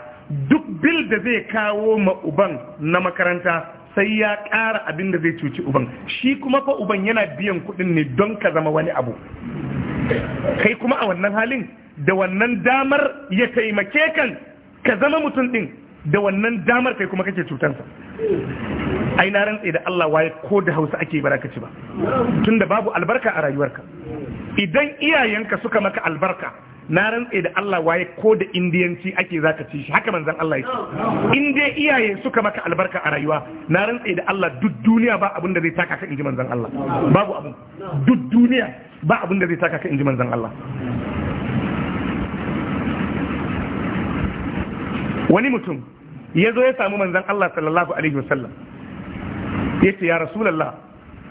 duk bil da zai kawo ma uban na makaranta sai ya ƙara abin da zai cuci uban shi kuma fa uban yana biyan kuɗin ne don ka zama wani abu kai kuma a wannan halin da wannan damar ya taimake kan ka zama mutum ɗin da wannan damar kai kuma kake cutansa ai na rantse da Allah waye ko da Hausa ake baraka ci ba tunda babu albarka a rayuwarka idan iyayenka suka maka albarka na rantse da Allah waye ko da indiyanci ake zaka ci shi haka manzon Allah yake in dai iyaye suka maka albarka a rayuwa na rantse da Allah duk duniya ba abin da zai taka ka inji manzon Allah babu abin duk duniya ba abin da zai taka ka inji manzon Allah wani mutum ya zo ya samu manzon Allah sallallahu alaihi wasallam yace ya rasulullah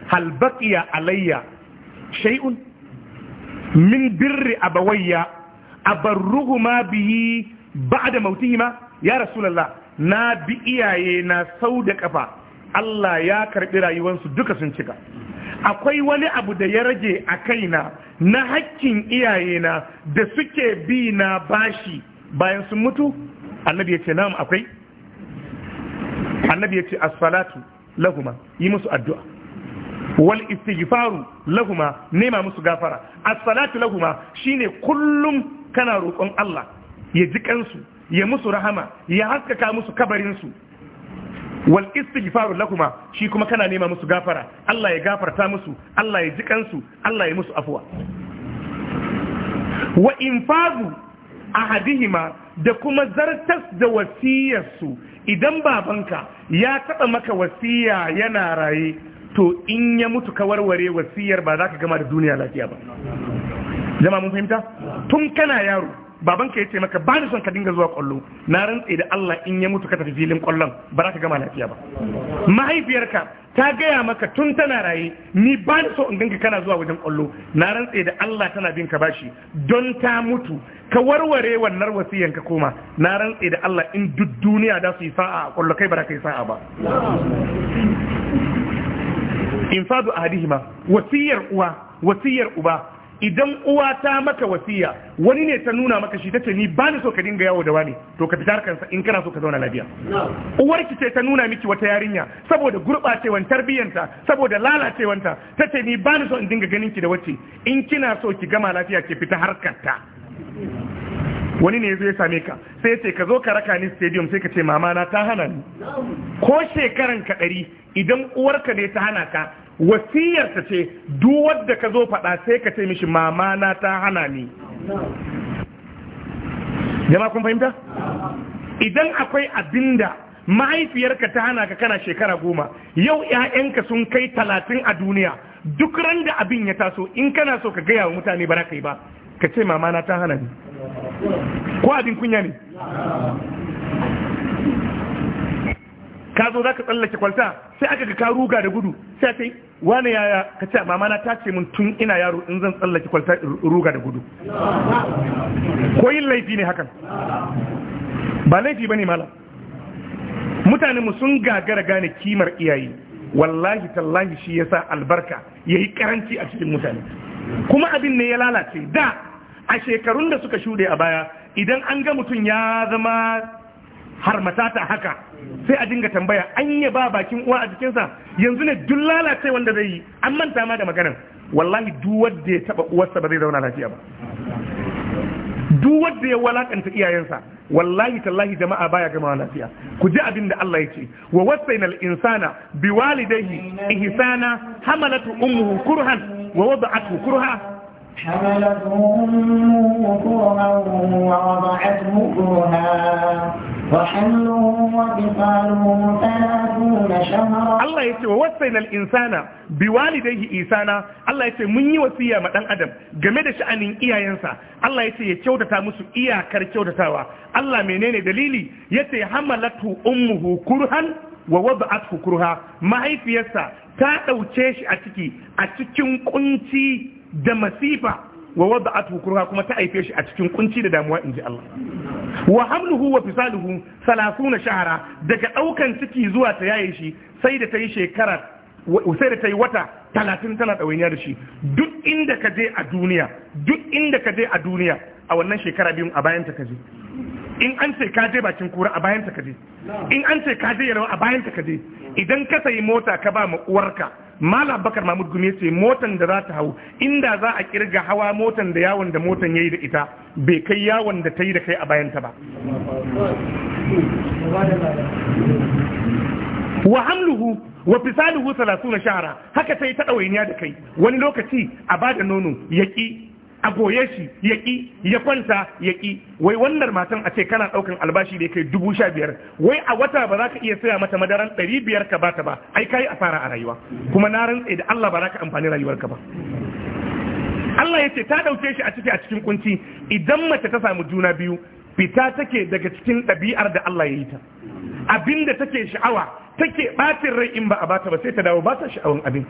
hal baqiya alayya shay'un min birri abawayya abarruhuma bihi ba'da mautihima ya rasulullah na bi iyaye na sau da kafa Allah ya karbi rayuwansu duka sun cika akwai wani abu da ya rage a kaina na hakkin iyayena da suke bi na bashi bayan sun mutu annabi ya ce na'am akwai annabi ya as-salatu lahuma yi musu addu'a wal istighfaru lahuma nema musu gafara as-salatu lahuma shine kullum kana roƙon Allah ya ji kansu ya musu rahama ya haskaka musu kabarin su wal istighfaru lahuma shi kuma kana nema musu gafara Allah ya gafarta musu Allah ya ji kansu Allah ya musu afwa wa infazu ahadihima da kuma zartas da wasiyarsu idan babanka ya taɓa maka wasiya yana raye to in ya mutu ka warware wasiyar ba za ka gama da duniya lafiya ba jama mun fahimta tun kana yaro babanka ya ce maka ba da son ka dinga zuwa kwallo na rantse da Allah in ya mutu ka tafi filin kwallon ba za ka gama lafiya ba mahaifiyarka ta gaya maka tun tana raye ni ba da so in ganka kana zuwa wajen kwallo na rantse da Allah tana bin ka bashi don ta mutu ka warware wannan wasiyan ka koma na rantse da Allah in duk duniya da su yi sa'a a kwallo kai ba za ka yi sa'a ba infadu ahadihima wasiyar uwa wasiyar uba idan uwa ta maka wasiya wani ne ta nuna maka shi ta ce ni ba ni so ka dinga yawo da wani to ka fitar kansa in kana so ka zauna lafiya uwar ki ce ta nuna miki wata yarinya saboda gurbacewan tarbiyyanta saboda lalacewanta ta ce ni ba ni so in dinga ganin ki da wacce in kina so ki gama lafiya ki fita harkar ta wani ne zai same ka sai ce ka zo ka raka ni stadium sai ka ce mama na ta hana ni ko shekaran ka ɗari idan uwarka ne ta hana ka wasiyar ta ce duk wanda ka zo faɗa sai ka ce mishi mama na ta hana ni jama'a kun fahimta idan akwai abinda mahaifiyarka ta hana ka kana shekara goma yau 'ya'yanka sun kai talatin a duniya duk ran da abin ya taso in kana so ka gaya wa mutane ba ka yi ba ka ce mama na ta hana ni ko abin kunya ne ka zo za ka tsallake kwalta sai aka ga ka ruga da gudu sai ta yi wani yaya ka ce mama na ta ce min tun ina yaro in zan tsallake kwalta ruga da gudu ko yin laifi ne hakan ba laifi ba ne Mutane mu sun gagara gane kimar iyaye wallahi tallahi shi yasa albarka yayi karanci a cikin mutane kuma abin ne ya lalace da a shekarun da suka shuɗe a baya idan an ga mutum ya zama harmata ta haka sai a dinga tambaya an yi ba bakin uwa a jikinsa yanzu ne duk lalace wanda zai yi an manta ma da maganar wallahi duk da ya taba uwarsa ba zai zauna lafiya ba duk da ya walakanta iyayensa wallahi tallahi jama'a baya gama lafiya ku ji abin da Allah yake wa wasaina al-insana biwalidayhi ihsana hamalat ummuhu kurhan wa wada'athu kurha حملت أمه ووضعته كرها وحمله وبطاله ثلاثون شهرا الله يتوى وصينا الإنسان بوالديه إيسانا الله يتوى من يوصيه مدن أدم جميد شأن إيا ينسى الله يتوى يتوضى تاموس إيا كار يتوضى تاوى الله منين دليلي يتوى حملت أمه كرها ووضعته كرها ما هي فيسا ta ɗauce shi a ciki a da masifa wa wada'atu kurha kuma ta haife shi a cikin kunci da damuwa inji Allah wa hamluhu wa fisaluhu na shahara daga ɗaukan ciki zuwa ta yaye shi sai da ta yi shekara sai da ta yi wata talatin tana ɗawainiya da shi duk inda ka je a duniya duk inda ka je a duniya a wannan shekara biyun a bayan ta ka je in an ce ka je bakin kura a bayan ta ka je in an ce ka je yarawa a bayan ta ka je idan ka sayi mota ka ba ma uwarka mala bakar mahmud gumi ce motan da za ta hau inda za a kirga hawa motan da yawon da motan ya yi da ita bai kai yawon da ta yi da kai a bayanta ba wa hamluhu wa fisaluhu na shahara haka ta ta ɗawainiya da kai wani lokaci a bada nono ya a boye shi ya ƙi ya kwanta ya ƙi wai wannan matan a ce kana ɗaukan albashi da kai dubu sha biyar wai a wata ba za ka iya saya mata madaran ɗari biyar ka bata ba ai kayi a fara a rayuwa kuma na rantse da Allah ba za ka amfani rayuwar ka ba Allah ya ce ta ɗauke shi a ciki a cikin kunci idan mace ta samu juna biyu fita take daga cikin ɗabi'ar da Allah ya yi ta abinda take sha'awa take ɓacin rai in ba a bata ba sai ta dawo ba ta sha'awun abin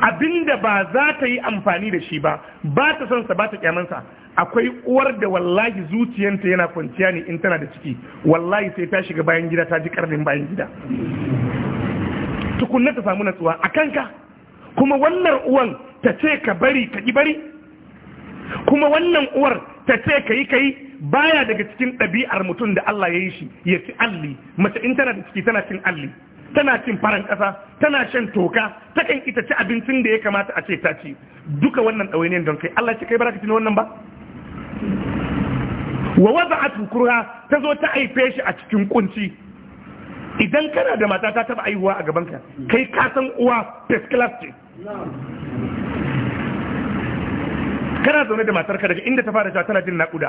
abinda ba za ta yi amfani da shi ba ba ta son sa ba ta kyamansa akwai uwar da wallahi zuciyanta yana kwanciya ne in tana da ciki wallahi sai ta shiga bayan gida ta ji karnin bayan gida tukunna ta samu natsuwa a kanka kuma wannan uwan ta ce ka bari ka ki bari kuma wannan uwar ta ce ka yi ka yi baya daga cikin ɗabi'ar mutum da Allah ya yi shi ya ci alli mace in tana da ciki tana cin alli tana cin faran ƙasa tana shan toka ta kan ita ci abincin da ya kamata a ce ta ci duka wannan ɗawainiyar don kai Allah ce kai baraka ci wannan ba wa waza a tukurha ta zo ta haife shi a cikin kunci idan kana da mata ta taba aihuwa a gabanka kai ka san uwa first class ce kana zaune da matarka daga inda ta fara cewa tana jin naƙuda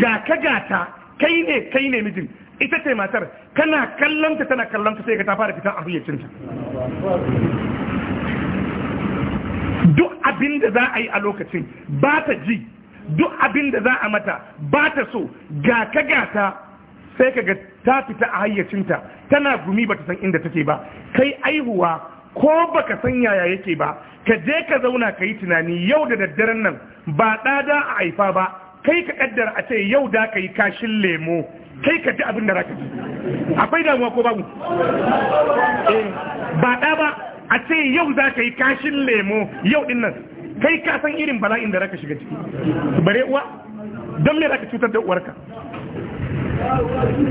ga ka gata kai ne kai ne mijin ita ce matar kana kallonta tana kallonta sai ka ta fara fitan afiyyacinta duk abin da za a yi a lokacin ba ta ji duk abin da za a mata ba ta so ga ka gata sai ka ga ta fita a hayyacinta tana gumi ba ta san inda take ba kai aihuwa ko baka san yaya yake ba ka je ka zauna ka yi tunani yau da daddaren nan ba ɗada a haifa ba kai ka kaddara a ce yau da ka yi kashin lemo kai ka ji abin da za ka ji akwai damuwa ko babu eh, ba ɗa ba a ce yau za ka yi kashin lemo yau ɗin nan kai ka san irin bala'in da za ka shiga ciki bare uwa don me za ka cutar da uwarka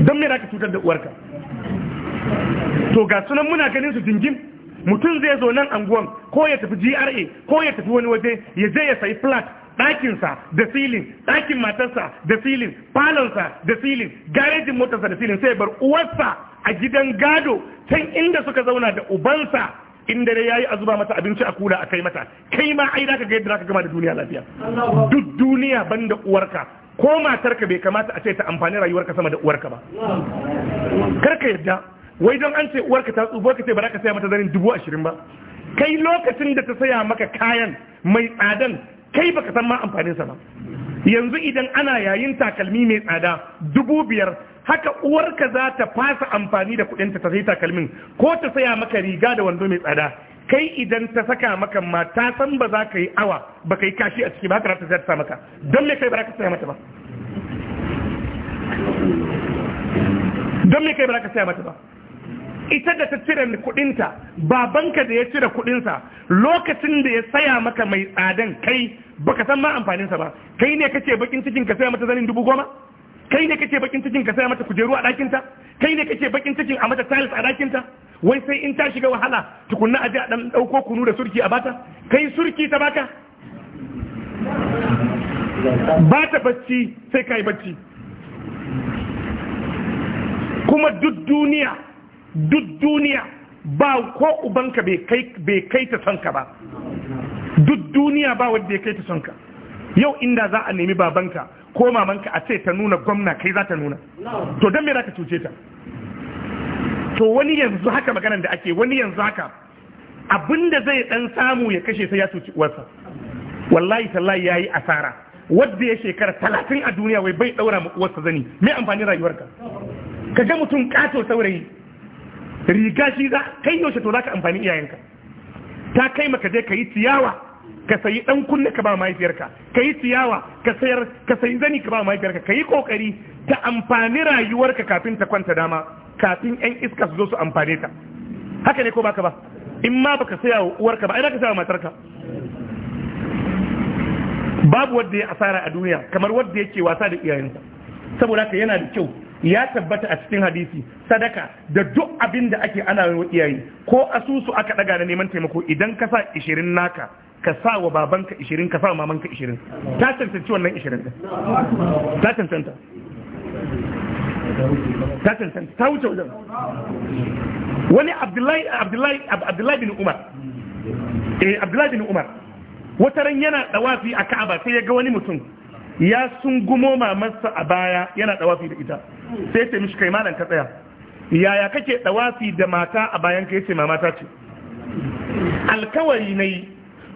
don me za ka cutar da uwarka to ga sunan muna ganin su jingin mutum zai zo nan anguwan ko ya tafi GRA ko ya tafi wani waje ya je ya sayi flat ɗakinsa da silin, ɗakin matarsa da filin falonsa da silin, garejin motarsa da filin sai bar uwarsa a gidan gado can inda suka zauna da ubansa Inda dai yayi a zuba mata abinci a kula a kai mata kai ma ai zaka ga yadda zaka gama da duniya lafiya duk duniya banda uwarka ko matarka bai kamata a ce ta amfani rayuwarka sama da uwarka ba Kar ka yadda wai don an ce uwarka ta tsufa ka ce ba za ka saya mata zanin dubu ashirin ba kai lokacin da ta saya maka kayan mai tsadan kai baka san ma amfanin sa ba yanzu idan ana yayin takalmi mai tsada dubu biyar haka uwarka za ta fasa amfani da kuɗin ta sai takalmin ko ta saya maka riga da wando mai tsada kai idan ta saka maka ma ta san ba za ka yi awa ba ka yi kashi a ciki ba haka za ta sa maka don me kai ba za ka saya mata ba don me kai ba za ka saya mata ba ita da ta cire kudinta babanka da ya cire kudinsa lokacin da ya saya maka mai tsadan kai baka san ma amfaninsa ba kai ne kace bakin cikin ka saya mata zanin dubu goma kai ne kace bakin cikin ka saya mata kujeru a ɗakinta kai ne kace bakin cikin a mata tiles a ɗakinta wai sai in ta shiga wahala tukunna aje a dan dauko kunu da surki a bata kai surki ta baka ba ta bacci sai kai bacci kuma duk duniya duk duniya ba ko ubanka bai kai ta sonka ba duk duniya ba wanda ya kai ta sonka yau inda za a nemi babanka ko mamanka a ce ta nuna gwamna kai za ta nuna to don me za ka cuce ta to wani yanzu haka maganar da ake wani yanzu haka abinda zai dan samu ya kashe sai ya cuci uwarsa wallahi tallahi yayi asara wadda ya shekara talatin a duniya wai bai daura ma uwarsa zani mai amfani rayuwarka ka ga mutum kato saurayi riga shi za kai yaushe to za ka amfani iyayenka ta kai maka je ka yi ciyawa ka sayi dan kunne ka ba mahaifiyarka ka yi ciyawa ka sayar sayi zani ka ba mahaifiyarka ka yi kokari ta amfani rayuwarka kafin ta kwanta dama kafin yan iska su zo su amfane ta haka ne ko baka ba in ma baka saya wa uwarka ba ai zaka saya wa matarka babu wanda ya asara a duniya kamar wanda yake wasa da iyayensa saboda haka yana da kyau ya tabbata a cikin hadisi sadaka da duk abin da ake ana wa iyaye ko asusu aka daga da neman taimako idan ka sa 20 naka ka sa wa babanka 20 ka sa wa mamanka 20 ta cancanci wannan 20 din ta cancanta ta cancanta ta wuce wajen wani abdullahi abdullahi abdullahi bin umar eh abdullahi bin umar wataran yana dawafi a ka'aba sai ya ga wani mutum ya sungumo mamarsa a baya yana dawafi da ita sai ce mishi kai malam ka tsaya yaya kake dawafi da mata a bayan ka yace mamata ce alkawari ne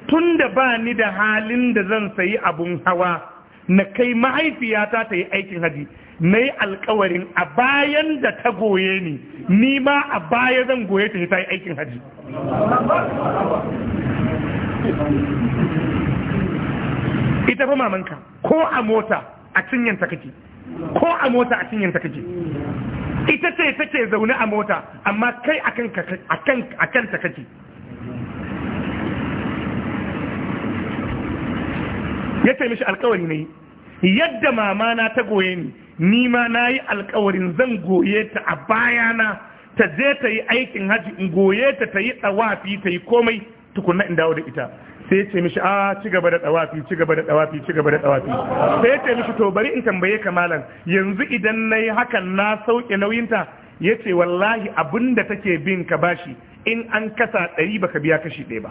tun da ba ni da halin da zan sayi abun hawa na kai mahaifiyata ta yi aikin haji na yi alkawarin a bayan da ta goye ni ni ma a baya zan goye ta ta yi aikin haji ita fa mamanka ko a mota a cinyanta kake ko a mota a cinyanta kake ita ce take zaune a mota amma kai a kanta kake ya ce mishi alkawari ne yadda mama ta goye ni ni ma na yi alkawarin zan goye ta a bayana ta je ta yi aikin hajji, in goye ta ta yi tsawafi ta yi komai tukunna in dawo da ita sai ce mishi a ci gaba da tsawafi ci gaba da tsawafi ci gaba da tsawafi sai ce mishi to bari in tambaye ka malam yanzu idan nayi hakan na sauke nauyinta yace wallahi abinda take bin ka bashi in an kasa ɗari baka biya kashi ɗaya ba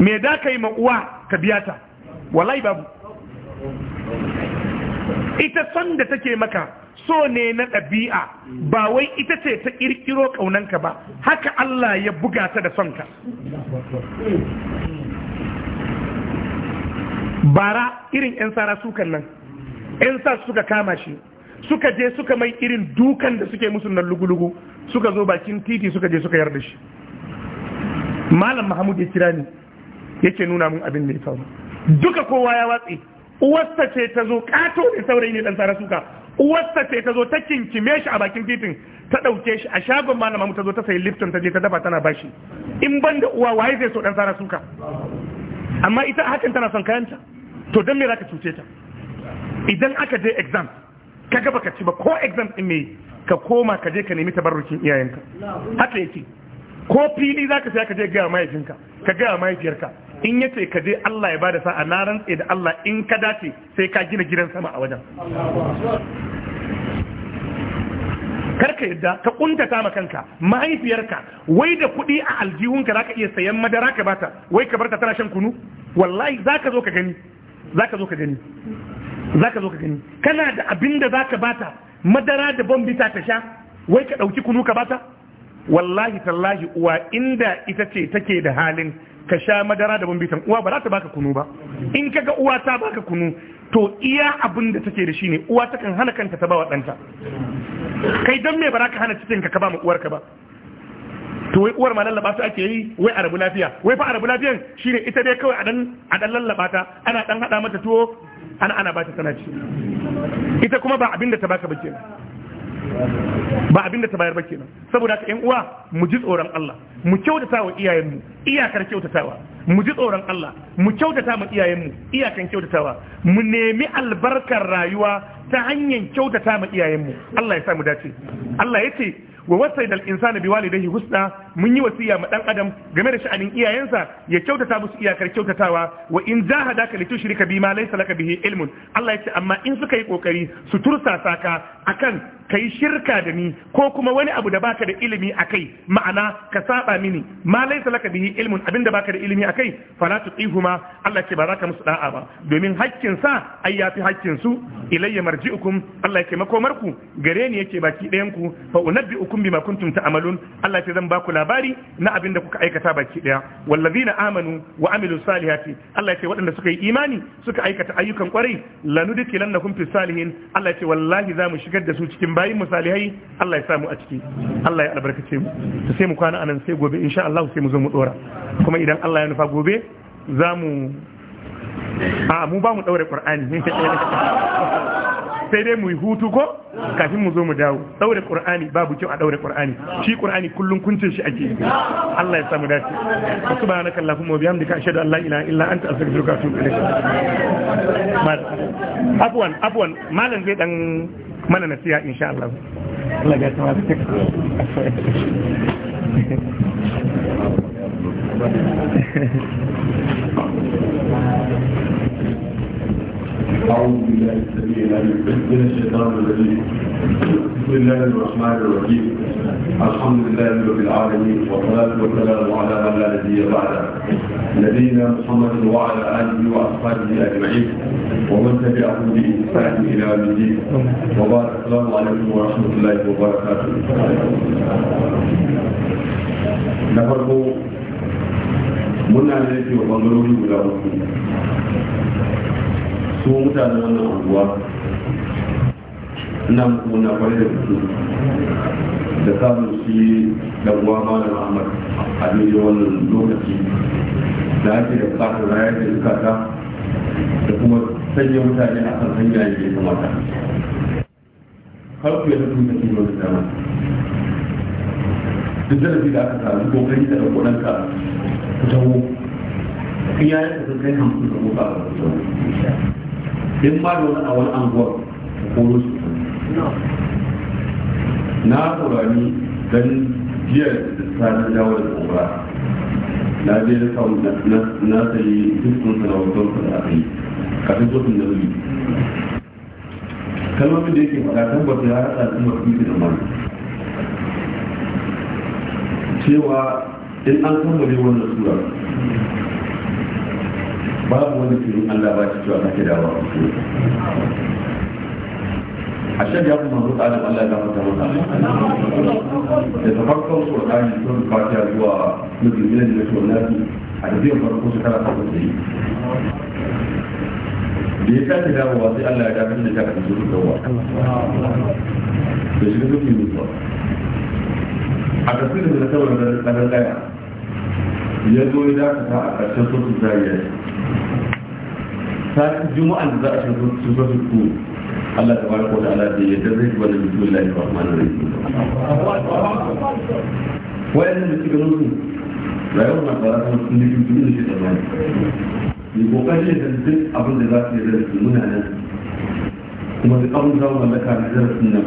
me da ka yi uwa ka biya ta wallahi babu ita son da take maka so ne na ɗabi'a ba wai ita ce ta ƙirƙiro ƙaunanka ba haka Allah ya buga ta da sonka bara irin 'yan tsara sukan nan 'yan sa suka kama shi suka je suka mai irin dukan da suke musu nan lugulugu lugu suka zo bakin titi suka je suka yarda shi malam mahamud ya kira ni yake nuna mun abin da ya faru duka kowa ya watsi uwarsa ce ta zo kato ne saurayi ne dan tsara suka uwarsa ce ta zo ta kinkime shi a bakin titin ta ɗauke shi a shagon malama mu ta zo ta sayi lifton ta je ta dafa tana bashi in ban da uwa waye zai so dan sara suka amma ita hakan tana son kayanta to dan me ka cuce ta idan aka je exam ka ga baka ci ba ko exam din me ka koma ka je ka nemi tabarrukin iyayenka haka yake ko fili za ka sai ka je ga mahaifinka ka gaya mahaifiyarka in ya ce ka je Allah ya bada sa'a na rantse da Allah in ka dace sai ka gina gidan sama a wajen karka yadda ka kuntata ma kanka mahaifiyarka wai da kuɗi a aljihunka ka iya sayan madara ka bata wai ka barta tana shan kunu wallahi zaka zo ka gani zo ka gani zo ka gani kana da abin da ka bata madara da bita ta sha wai ka ɗauki kunu ka bata wallahi tallahi uwa inda ita ce take da halin ka sha madara da bambitan uwa ba za ta baka kunu ba in ga uwa ta baka kunu to iya abin da take da shi ne uwa takan hana kanta ta ba wa ɗanta kai don me ba za ka hana cikin ka ba ma uwarka ba to wai uwar ma lallaba ta ake yi wai arabu lafiya wai fa arabu lafiyan shine ita dai kawai a dan a lallaba ta ana dan hada mata tuwo ana ana ba ta tana ci ita kuma ba abin da ta baka ba kenan ba abin da ta bayar ba kenan saboda haka 'yan uwa mu ji tsoron Allah mu kyautata wa iyayenmu iyakar kyautatawa mu ji tsoron Allah mu kyautata ma iyayenmu iyakar kyautatawa mu nemi albarkar rayuwa ta hanyar kyautata ma iyayenmu Allah ya sa mu dace Allah ya ce wa wasaida al-insana biwalidayhi husna mun yi wasiya ma dan adam game da sha'anin iyayensa ya kyautata musu iyakar kyautatawa wa in jahadaka li tushrika bima laysa laka bihi ilmun Allah yace amma in suka yi kokari su tursasa ka akan ka yi shirka da ni ko kuma wani abu da baka da ilimi a kai ma'ana ka saba mini ma laisa laka bihi ilmun abin da baka da ilimi a kai fala tuqihuma Allah ce ba za ka musu da'a ba domin haƙƙin sa ai yafi haƙƙin su ilayya marji'ukum Allah yake makomar ku gare ni yake baki ɗayan ku fa unabbi'ukum bima kuntum ta'malun Allah ce zan ba ku labari na abin da kuka aikata baki ɗaya wallazina amanu wa amilu salihati Allah ce waɗanda suka yi imani suka aikata ayyukan kwarai lanudkilannakum fis salihin Allah ce wallahi za mu shigar da su cikin bayi misalihai Allah ya samu a ciki Allah ya albarkace mu to sai mu kwana anan sai gobe insha Allah sai mu zo mu dora kuma idan Allah ya nufa gobe za mu a mu ba mu daure qur'ani sai dai mu yi hutu ko kafin mu zo mu dawo daure qur'ani babu kyau a daure qur'ani shi qur'ani kullun kuncin shi ake Allah ya samu dace subhanaka allahumma wa bihamdika ashhadu an la ilaha illa anta astaghfiruka wa atubu ilayk afwan afwan malam zai dan mana nasiha insha Allah Allah ya ta masu أعوذ بالله السميع العليم من الشيطان الرجيم بسم الله الرحمن الرحيم الحمد لله رب العالمين والصلاة والسلام على من لا نبي بعده نبينا محمد وعلى آله وأصحابه أجمعين ومن تبعهم بإحسان إلى يوم الدين وبارك السلام عليكم ورحمة الله وبركاته na farko muna da yake wa ɓangarori su mutanen wannan unguwa ina muku na kwarai da kudu da samun shi da uwa malam ahmad a daidai wannan lokaci da ake da bukatar rayar da zukata da kuma sanya mutane a kan hanya da ya kamata har ku yi yadda da tafi wani dama duk zarafi da aka samu kokari da ɗanƙuɗanka ku taho kun yayin da sun kai hamsin da kuka a duk ma da wani a wani anguwar koro su na turani don jiya da tsarin dawo da kuma. na je da kawo na sayi dukkan sana'o'in sa da aka yi kafin sosin da zuri kalmomin da yake faɗa tabbata ya haɗa su mafi da mara cewa in an kammale wannan sura babu wani firin Allah ba ci cewa kake dawa a shan ya kuma zuwa alim Allah ya mata mata da ta su a yi sun fatiya zuwa nufin da su nafi a tafiyar farko su kara sabon yi da ya sake dawowa sai Allah ya dakatar da ta kasance su dawowa da shiga nufin mutuwa a tafiyar da ta kawai da ɗan ɗaya ya zo ya dakata a ƙarshen sosu zariya ta juma'an da za a shiga su zo su ku Allah ta baraka wa ta'ala da yadda zai ji wannan mutum Allah ya rahmanu rahim wayannan da suka nufi rayuwar na fara kan sun nufi duk da shi da mai ne kokarin da duk abin da za su yi da su muna nan kuma duk abin da mu mallaka da zarafin nan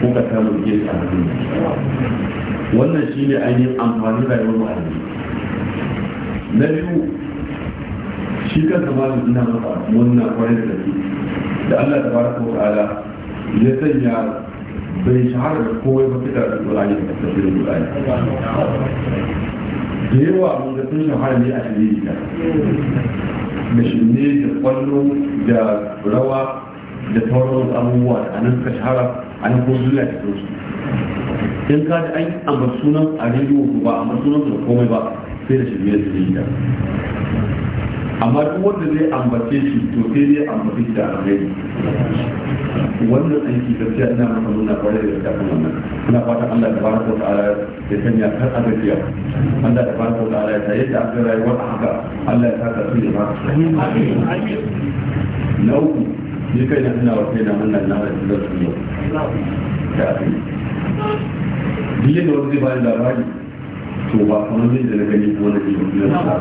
ko ka samu ke a hannun wannan shine ainihin amfani rayuwar mu a na biyu shi kansa malam ina masa wannan kwarin da ke da Allah ta baraka wa ta'ala ya sanya bai shahara da kowai ba fita da Qur'ani da tafsirin Qur'ani da yawa mun ga sun shahara ne a Amerika da shinne da kwallo da rawa da sauran abubuwa a nan ka shahara a nan kuma duniya ta su in ka ji an ambar sunan a rediyo ba ambar sunan da komai ba sai da shirme da su amma duk wanda zai ambace shi to sai zai ambace shi da alheri wannan aiki da gaskiya ina masa nuna kwarai da gaskiya kan wannan ina fata Allah da baraka wa ta'ala ya sanya kar a gajiya Allah da baraka wa ta'ala ya sa yadda aka rayuwa a haka Allah ya saka su ne ba na uku ni kai na ina wa kai na wannan na da zuwa su yau da duk yadda wani zai bani labari to ba kamar zai da na gani ko wani ke da na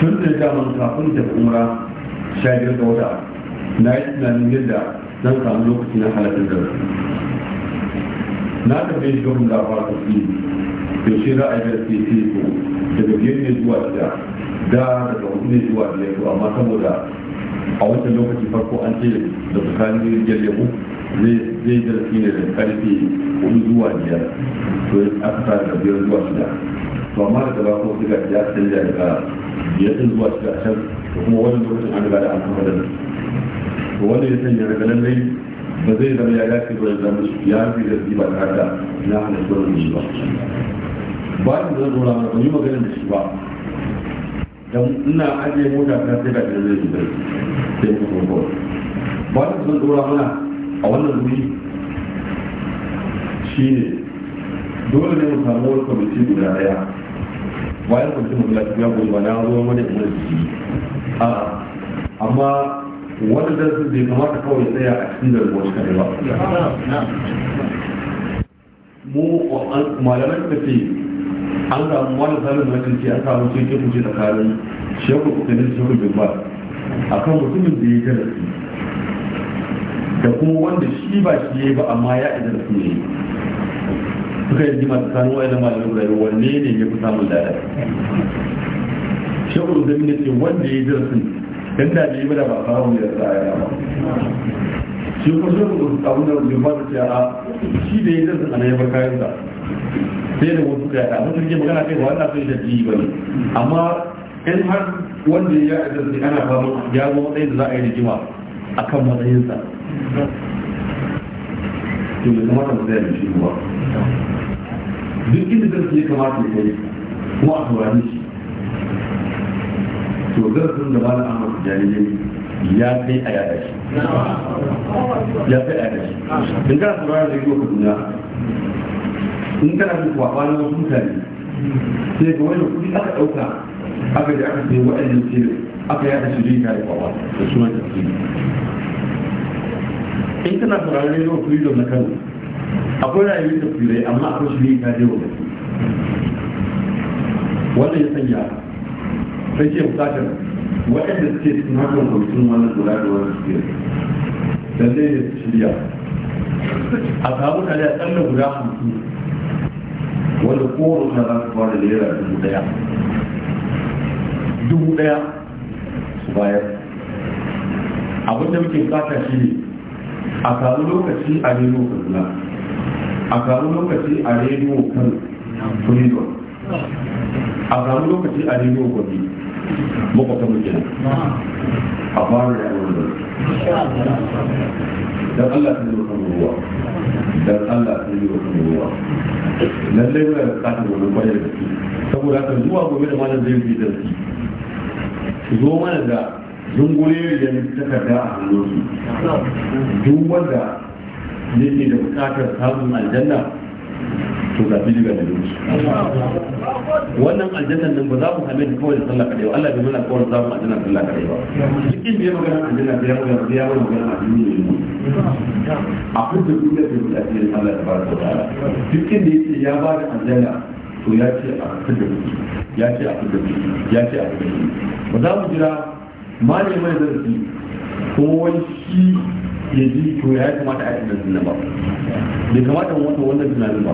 tun da daman kafin da umra sha biyar da wata na yi tunanin yadda zan samu lokaci na halatar da na tafi shi gwamnan da fara tafi yaushe za a yi da ke ce ko daga biyar ne zuwa shida da daga hudu ne zuwa biyar to amma saboda a wancan lokaci farko an ce da tsakanin jirgin lemu zai zarafi ne da karfe hudu zuwa biyar to aka fara da biyar zuwa shida to amma daga ba ko suka ya canja daga biyar din zuwa shida can da kuma wani lokacin an riga da an kafa da to wanda ya sanya daga lallai ba zai zama ya dace ba ya zama ya rufe da ba tare da na hana shi wannan shi ba ba ni zan zora mana ban yi magana da shi ba dan ina ajiye mota ta sai ga da zai zubar sai ku ko ba ni zan zora mana a wannan wuri shi ne dole ne mu samu wani kwamiti guda daya bayan kwamitin mu lafi ya ba na wani mana ina jiki a amma wani darsin bai kamata kawai tsaya a cikin darbo wani kare ba mu malamai suka ce an samu wani salin na ce an samu cikin ke kuce tsakanin shekul kusurin shekul bin ba a kan mutumin da ya yi darasi da kuma wanda shi ba shi ne ba amma ya yi su ne suka yi jima tsakanin wa'annan malamin rayuwa wanne ne ya fi samun lada shekul zami ne ce wanda ya yi darasin dan da yi ba da ba samu ya tsaya ba shi ko shekul abin da rubuta ta a shi da ya yi darasin ana yabar kayan sa sai da wasu kaya da mutum ke magana kai ba wannan sai da ji ba ne amma in har wanda ya yi darasin ana fama ya zo matsayin da za a yi rigima kan matsayinsa to bai kamata mu tsaya da shi ba duk inda zarafi ya kamata ya kai kuma a saurari shi to zarafin da malam ahmad jami'ai ya kai a yada shi ya kai a yada shi in kana saurari da yiwuwa kaduna in kana bin kwafa na wasu mutane sai ga wani kudi aka ɗauka aka ji aka aka da sunan tafsiri in kana sauraron rediyo freedom na kano akwai rayuwar da firai amma akwai shi ne ta je wa wannan ya sanya sai ce bukatar waɗanda suke cikin hakan kwamitin wannan lura da wannan suke lallai ne su shirya a samu tare a tsalla guda hamsin wanda kowane suna za su fara naira dubu ɗaya dubu ɗaya su bayar abin da muke bukata shi ne a karu lokaci a rediyo kaduna a karu lokaci a rediyo kan freedom a karu lokaci a rediyo gobe makwata muke a fara da yawon dan Allah sun yi kan ruwa dan Allah sun yi kan ruwa lallai wani bukatar wani kwayar da saboda haka zuwa gobe da malam zai fi zarki zo mana da dungure da takarda a hannunsu duk wanda yake da bukatar samun aljanna to ga fili ga da wannan aljannan nan ba za mu same da kawai da sallah kadai ba Allah bai mana kawai za mu aljanna sallah kadai ba cikin bai magana aljanna da ya magana da ya magana a duniya ne a kudin duniya da yi ake yin Allah tabaraka ta'ala cikin da yake ya ba da aljanna to ya ce a kudin da ya ce a kudin da ya ce a kudin da ba za mu jira ma ne mai zarafi kuma wani shi ya ji to ya kamata a yi tunanin ba bai kamata wata wannan tunanin ba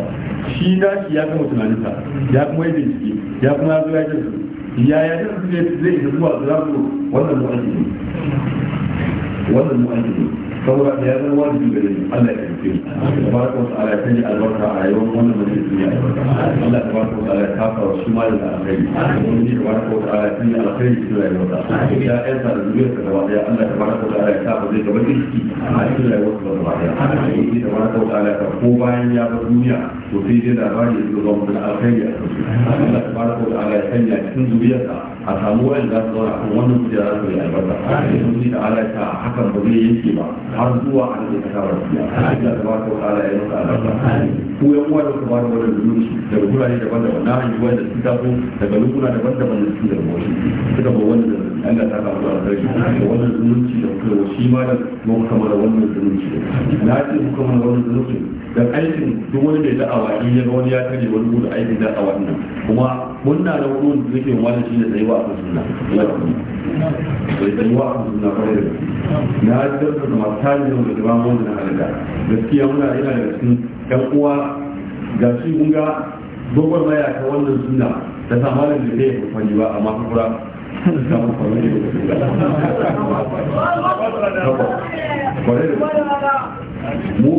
shi na shi ya gama tunaninsa ya kuma yi bincike ya kuma ya zo ya jinsu ya ya jinsu zai isa zuwa zuwa wannan mu'aikini wannan mu'aikini saboda ya zama wajibi gare ni Allah ya tafi tabaraka wa ta'ala ta ji albarka a rayuwar wannan mutum ma da alkhairi ji tabaraka wa ta'ala ta ji alkhairi ya da ka gaba Allah tabaraka wa ta'ala zai gaba a cikin rayuwar ka gaba tabaraka wa ta'ala ta ko bayan ya bar duniya to sai dai labari ya zo ga mutum alkhairi a cikin Allah tabaraka wa ta'ala ya sanya cikin zuriyarka a samu wayan za su zauna kan wannan kujera za su yi albarka cikin yi da a hakan ba zai yanke ba har zuwa a cikin da kasa ba su yi da ta ba ta ala ya masa albarka ko yan uwa da kuma da wannan daga gurare daban-daban na hanyar da su ba ta da albarki da wannan da aikin duk wani da'awa in wani ya kare wani gudu aikin da'awa nan kuma muna da wani nufin wani shi ne tsayuwa a suna a suna kwarai da na yi zarta da da gaba wanda na halitta gaskiya muna yana da cikin yan uwa ga shi kun ga dogon maya ta wannan suna ta sa malam da zai ba amma ta kura mu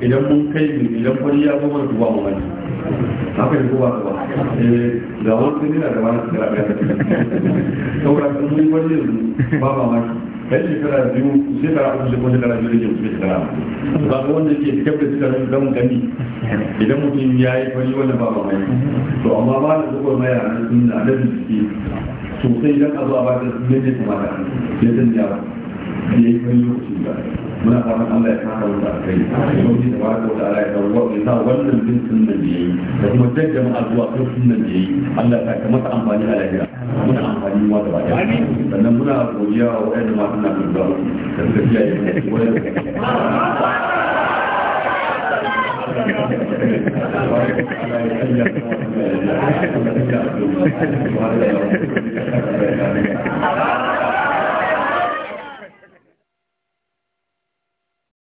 idan mun kai idan kwani ya zama da duba mu wani haka yi kowa ba ga wasu nila da wani suka rafiya da saboda sun yi wani yanzu ba ba ma kai shekara biyu shekara uku shekara shekara biyu da ke wuce shekara ba ga wanda ke kafin shekara biyu don gani idan mutum ya yi fari wanda ba ba mai to amma ba da zuwa mai ranar sun na da biki sosai idan a zo a ba da sun ne ne yi muna fatan Allah ya saka mu da kai da ya sa wannan bin sunnan da yayi da kuma jajjama azuwa kan sunnan da yayi Allah ya saka masa amfani a lahira muna amfani wa sannan muna godiya wa waɗanda masu na da zuwa da suka